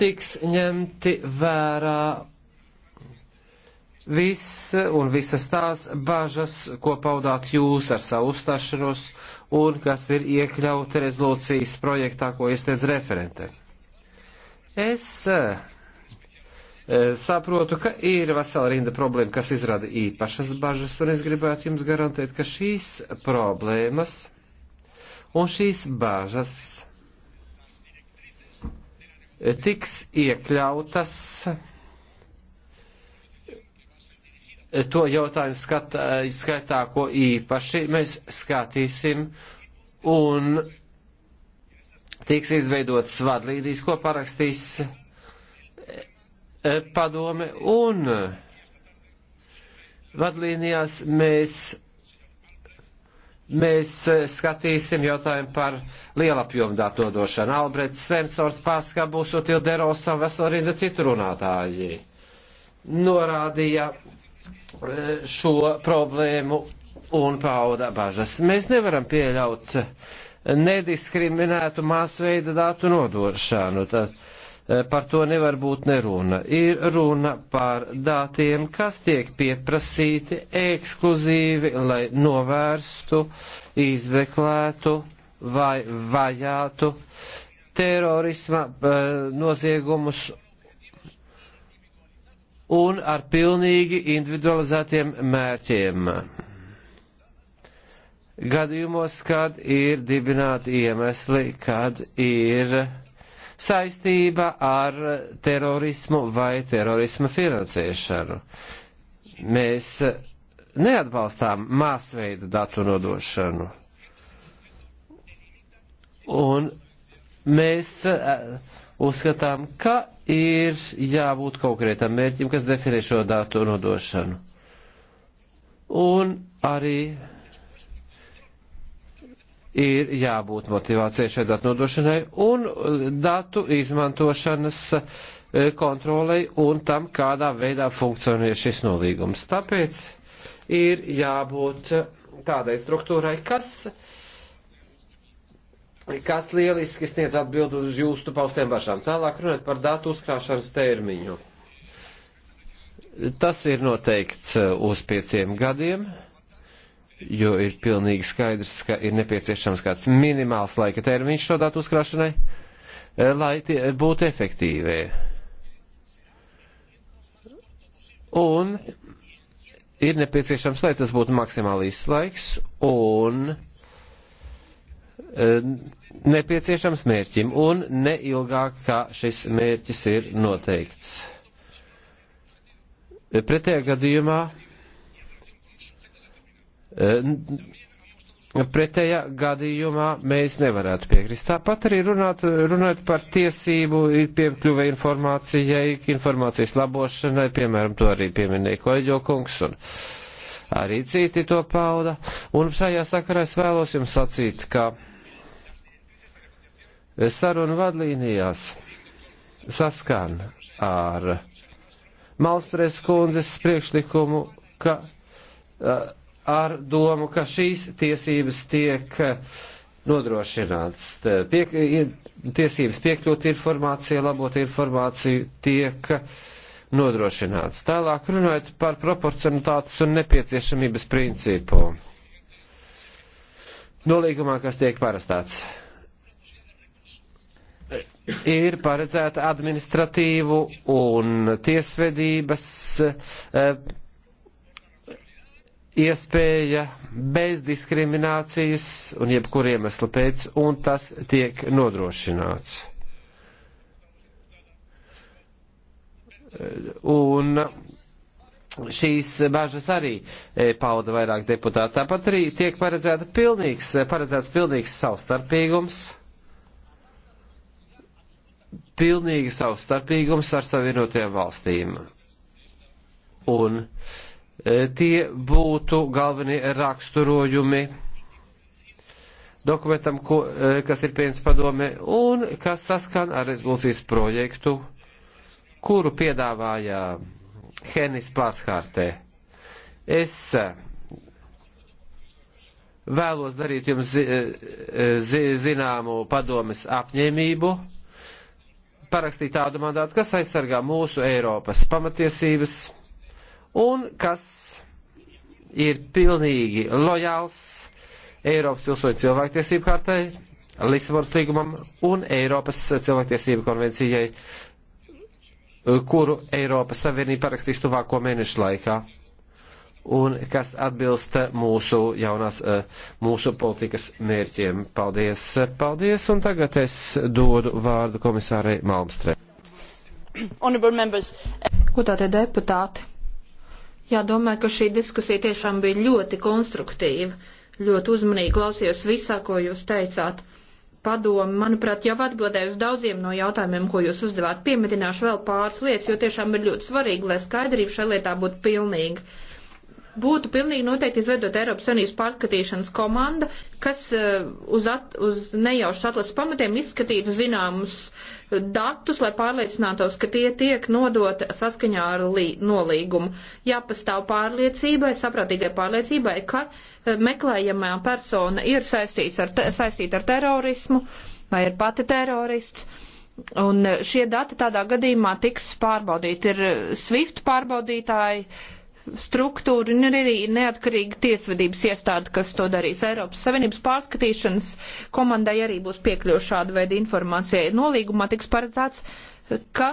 tiks ņemti vērā viss un visas tās bažas, ko paudāt jūs ar savu uzstāšanos un kas ir iekļauta rezolūcijas projektā, ko iesniedz referente. Es eh, eh, saprotu, ka ir vesela rinda problēma, kas izrada īpašas bažas, un es gribētu jums garantēt, ka šīs problēmas un šīs bažas tiks iekļautas to jautājumu skatā, eh, skaitā, ko īpaši mēs skatīsim un tiks izveidotas vadlīdijas, ko parakstīs eh, padome un vadlīnijās mēs mēs eh, skatīsim jautājumu par lielapjomu datu nodošanu. Albrets Svensors, Pārskā būs Utilderos un vesel rinda citu runātāji norādīja šo problēmu un pauda bažas. Mēs nevaram pieļaut nediskriminētu māsveida datu nodošanu. Tad, e, par to nevar būt neruna. Ir runa par datiem, kas tiek pieprasīti ekskluzīvi, lai novērstu, izmeklētu vai vajātu terorisma e, noziegumus un ar pilnīgi individualizētiem mērķiem. Gadījumos, kad ir dibināti iemesli, kad ir saistība ar terorismu vai terorisma finansēšanu. Mēs neatbalstām māsveida datu nodošanu. Un mēs eh, uzskatām, ka ir jābūt konkrētam mērķim, kas definē šo datu nodošanu. Un arī ir jābūt motivācijai šai datu nodošanai un datu izmantošanas e, kontrolei un tam, kādā veidā funkcionē šis nolīgums. Tāpēc ir jābūt tādai struktūrai, kas uh, kas lieliski sniedz atbildu uz jūsu paustiem bažām. Tālāk runāt par datu uzkrāšanas termiņu. Tas ir noteikts eh, uz pieciem gadiem, jo ir pilnīgi skaidrs, ka ir nepieciešams kāds minimāls laika termiņš šo datu uzkrāšanai, eh, lai tie būtu efektīvie. Un ir nepieciešams, lai tas būtu maksimālīs laiks, un E, nepieciešams mērķim un neilgāk, kā šis mērķis ir noteikts. E, pretējā gadījumā, e, pretējā gadījumā mēs nevarētu piekrist. Tāpat arī runāt, runāt par tiesību piekļuvē informācijai, informācijas labošanai, piemēram, to arī pieminēja Koļģokungs. Un, uh, arī citi to pauda. Un šajā sakarā es vēlos jums sacīt, ka sarunu vadlīnijās saskan ar Malstres kundzes priekšlikumu, ka ar domu, ka šīs tiesības tiek nodrošināts. Piek, tiesības piekļūt informācijai, labot informāciju tiek uh, nodrošināts. Tālāk runājot par proporcionitātes un nepieciešamības principu. Nolīgumā, kas tiek parastāts, ir paredzēta administratīvu un tiesvedības eh, iespēja bez diskriminācijas un jebkuriem eslu pēc, un tas tiek nodrošināts. Un šīs bažas arī e, pauda vairāk deputāti. Tāpat arī tiek paredzēta pilnīgs, e, paredzēts pilnīgs savstarpīgums. Pilnīgi savstarpīgums ar savienotajām valstīm. Un e, tie būtu galvenie raksturojumi dokumentam, ko, kas ir pieņemts padome un kas saskan ar rezolūcijas projektu kuru piedāvāja Henis Plaskārtē. Es eh, vēlos darīt jums zi, eh, eh, zi, zināmu padomes apņēmību parakstīt tādu mandātu, kas aizsargā mūsu Eiropas pamatiesības un kas ir pilnīgi lojāls Eiropas pilsoņu cilvēktiesību kārtai, Lisabonas līgumam un Eiropas cilvēktiesību konvencijai Eh, kuru Eiropas Savienība parakstīs tuvāko mēnešu laikā un kas atbilst mūsu jaunās, eh, mūsu politikas mērķiem. Paldies, paldies, un tagad es dodu vārdu komisārai Malmstrē. Kotātie deputāti, jā, domāju, ka šī diskusija tiešām bija ļoti konstruktīva, ļoti uzmanīgi klausījos visā, ko jūs teicāt padomu, manuprāt, jau atbildēju uz daudziem no jautājumiem, ko jūs uzdevāt. Piemetināšu vēl pāris lietas, jo tiešām ir ļoti svarīgi, lai skaidrība šajā lietā būtu pilnīga būtu pilnīgi noteikti izveidot Eiropas Savienības pārskatīšanas komanda, kas eh, uz, at, uz nejaušas atlases pamatiem izskatītu zināmus eh, datus, lai pārliecinātos, ka tie tiek nodot saskaņā ar lī, nolīgumu. Jāpastāv pārliecībai, saprātīgai pārliecībai, ka eh, meklējamā persona ir saistīta ar, te, saistīt ar terorismu vai ir pati terorists. Un šie dati tādā gadījumā tiks pārbaudīti. Ir SWIFT pārbaudītāji, uh, struktūra un arī neatkarīga tiesvedības iestāde, kas to darīs. Eiropas Savienības pārskatīšanas komandai arī būs piekļuva šāda veida informācijai. Nolīgumā tiks paredzēts, ka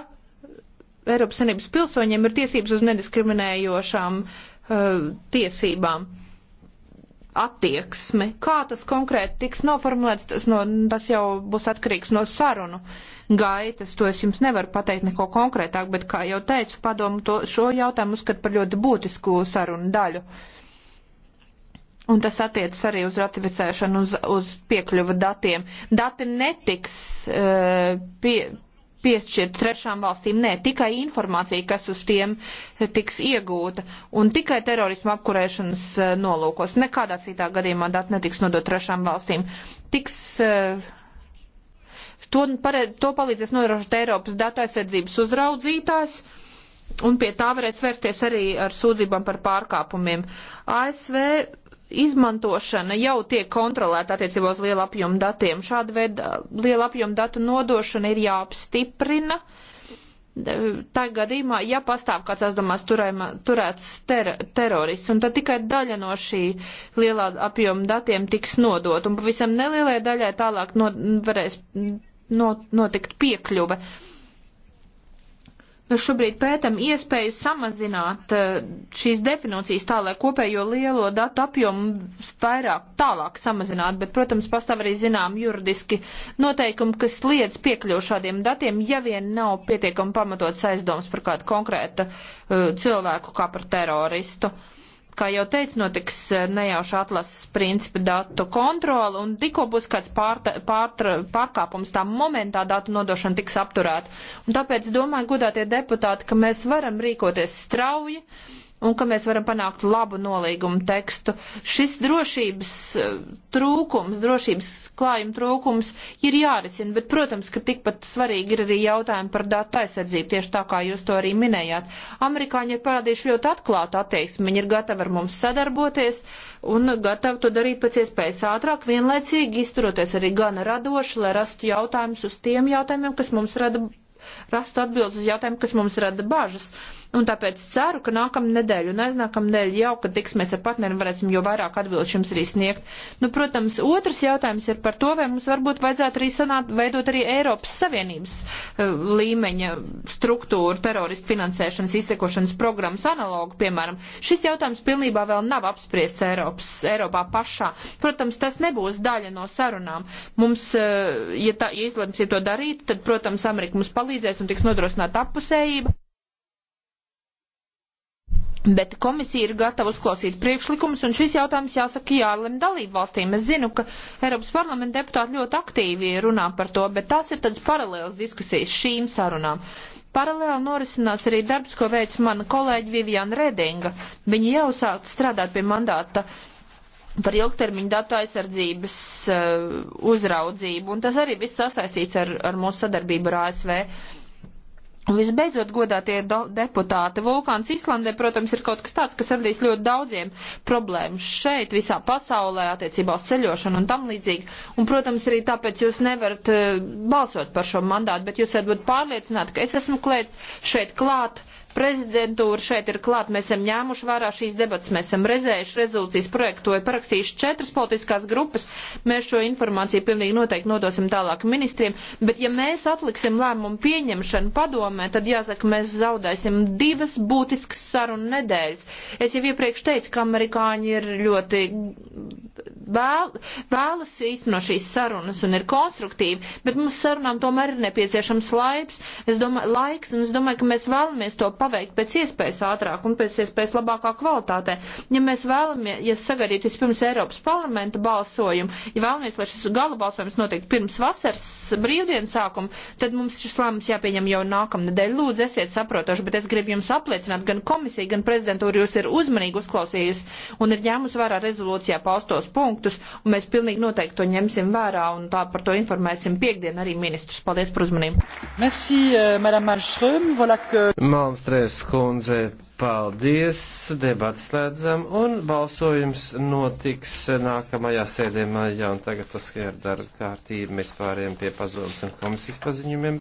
Eiropas Savienības pilsoņiem ir tiesības uz nediskriminējošām uh, tiesībām attieksme. Kā tas konkrēti tiks noformulēts, tas, no, tas jau būs atkarīgs no sarunu. Uh, gaitas. To es jums nevaru pateikt neko konkrētāk, bet, kā jau teicu, padomu to, šo jautājumu uzskat par ļoti būtisku sarunu daļu. Un tas attiecas arī uz ratificēšanu, uz, uz piekļuvu datiem. Dati netiks uh, pie, piešķirt trešām valstīm, nē, tikai informācija, kas uz tiem tiks iegūta, un tikai terorismu apkurēšanas eh, nolūkos. Nekādā citā gadījumā dati netiks nodot trešām valstīm. Tiks uh, To, pared, to palīdzēs nodrošināt Eiropas datu aizsardzības uzraudzītājs. Un pie tā varēs vērsties arī ar sūdzībām par pārkāpumiem. ASV izmantošana jau tiek kontrolēta attiecībā uz lielu apjomu datiem. Šāda veida liela apjomu datu nodošana ir jāapstiprina. Tā gadījumā, ja pastāv kāds aizdomās turēts ter terorists, un tad tikai daļa no šī lielā apjoma datiem tiks nodot, un pavisam nelielai daļai tālāk no varēs notikt piekļuve. Mēs šobrīd pētam iespēju samazināt eh, šīs definīcijas tā, lai kopējo lielo datu apjomu vairāk tālāk samazināt, bet, protams, pastāv arī zinām juridiski noteikumi, kas liedz piekļuvu šādiem datiem, ja vien nav pietiekami pamatots aizdoms par kādu konkrētu uh, cilvēku kā par teroristu. Uh, Kā jau teicu, notiks eh, nejauša atlases principa datu kontrola, un tikko būs kāds pārta, pārtra, pārkāpums, tā momentā datu nodošana tiks apturēta. Un tāpēc domāju, godātie deputāti, ka mēs varam rīkoties strauji un ka mēs varam panākt labu nolīgumu tekstu. Šis drošības eh, trūkums, drošības klājuma trūkums ir jārisina, bet, protams, ka tikpat svarīgi ir arī jautājumi par datu aizsardzību, tieši tā kā jūs to arī minējāt. Amerikāņi ir parādījuši ļoti atklātu attieksmi, viņi ir gatavi ar mums sadarboties un gatavi to darīt pēc iespējas ātrāk, vienlaicīgi izturoties arī gana radoši, lai rastu jautājumus uz tiem jautājumiem, kas mums rada rastu atbildes uz jautājumu, kas mums rada bažas. Un tāpēc ceru, ka nākamā nedēļa un aiznākamā nedēļa jau, kad tiksimies ar partneriem, varēsim jau vairāk atbildes jums arī sniegt. Nu, protams, otrs jautājums ir par to, vai mums varbūt vajadzētu arī sanāt, veidot arī Eiropas Savienības uh, līmeņa struktūru teroristu finansēšanas izsekošanas programmas analogu, piemēram. Šis jautājums pilnībā vēl nav apspriests Eiropas, Eiropā pašā. Protams, tas nebūs daļa no sarunām. Mums, uh, ja, tā, ja izlemsiet ja to darīt, tad, protams, Amerika mums palīdzēs diskutēs un tiks nodrošināta apusējība. Bet komisija ir gatava uzklausīt priekšlikumus, un šis jautājums jāsaka jālem dalību valstīm. Es zinu, ka Eiropas parlamenta deputāti ļoti aktīvi runā par to, bet tās ir tāds paralēls diskusijas šīm sarunām. Paralēli norisinās arī darbs, ko veic mana kolēģa Viviana Redinga. Viņa jau sāk strādāt pie mandāta par ilgtermiņu datu aizsardzības uh, uzraudzību, un tas arī viss sasaistīts ar, ar mūsu sadarbību ar ASV. Visbeidzot, godātie deputāti, vulkāns Islandē, protams, ir kaut kas tāds, kas radīs ļoti daudziem problēmas šeit, visā pasaulē, attiecībā uz ceļošanu un tam līdzīgi. Un, protams, arī tāpēc jūs nevarat uh, balsot par šo mandātu, bet jūs varat būt pārliecināti, ka es esmu klēt, šeit klāt Prezidentūra šeit ir klāt, mēs esam ņēmuši vērā šīs debats, mēs esam rezējuši rezolūcijas projektu, to ir parakstījuši četras politiskās grupas, mēs šo informāciju pilnīgi noteikti nodosim tālāk ministriem, bet ja mēs atliksim lēmumu pieņemšanu padomē, tad jāsaka, mēs zaudēsim divas būtiskas sarunu nedēļas. Es jau iepriekš teicu, ka amerikāņi ir ļoti vēl, vēlas īstenot šīs sarunas un ir konstruktīvi, bet mums sarunām tomēr ir nepieciešams laiks. Es domāju, laiks, un es domāju, ka mēs vēlamies to panākt paveikt pēc iespējas ātrāk un pēc iespējas labākā kvalitātē. Ja mēs vēlamies, ja sagadīt vispirms Eiropas parlamenta balsojumu, ja vēlamies, lai šis gala balsojums notiek pirms vasaras brīvdienas sākuma, tad mums šis lēmums jāpieņem jau nākamnedēļ. Lūdzu, esiet saprotoši, bet es gribu jums apliecināt, gan komisija, gan prezidentūra jūs ir uzmanīgi uzklausījusi un ir ņēmusi vērā rezolūcijā paustos punktus, un mēs pilnīgi noteikti to ņemsim vērā un tā par to informēsim piekdien arī ministrus. Paldies par uzmanību. Merci, uh, Malmström, voilà que... Malmström. Maklērs kundze, paldies, debats slēdzam, un balsojums notiks nākamajā sēdē maijā, un tagad saskaņā ar darba kārtību mēs pārējām pie pazodas un komisijas paziņumiem.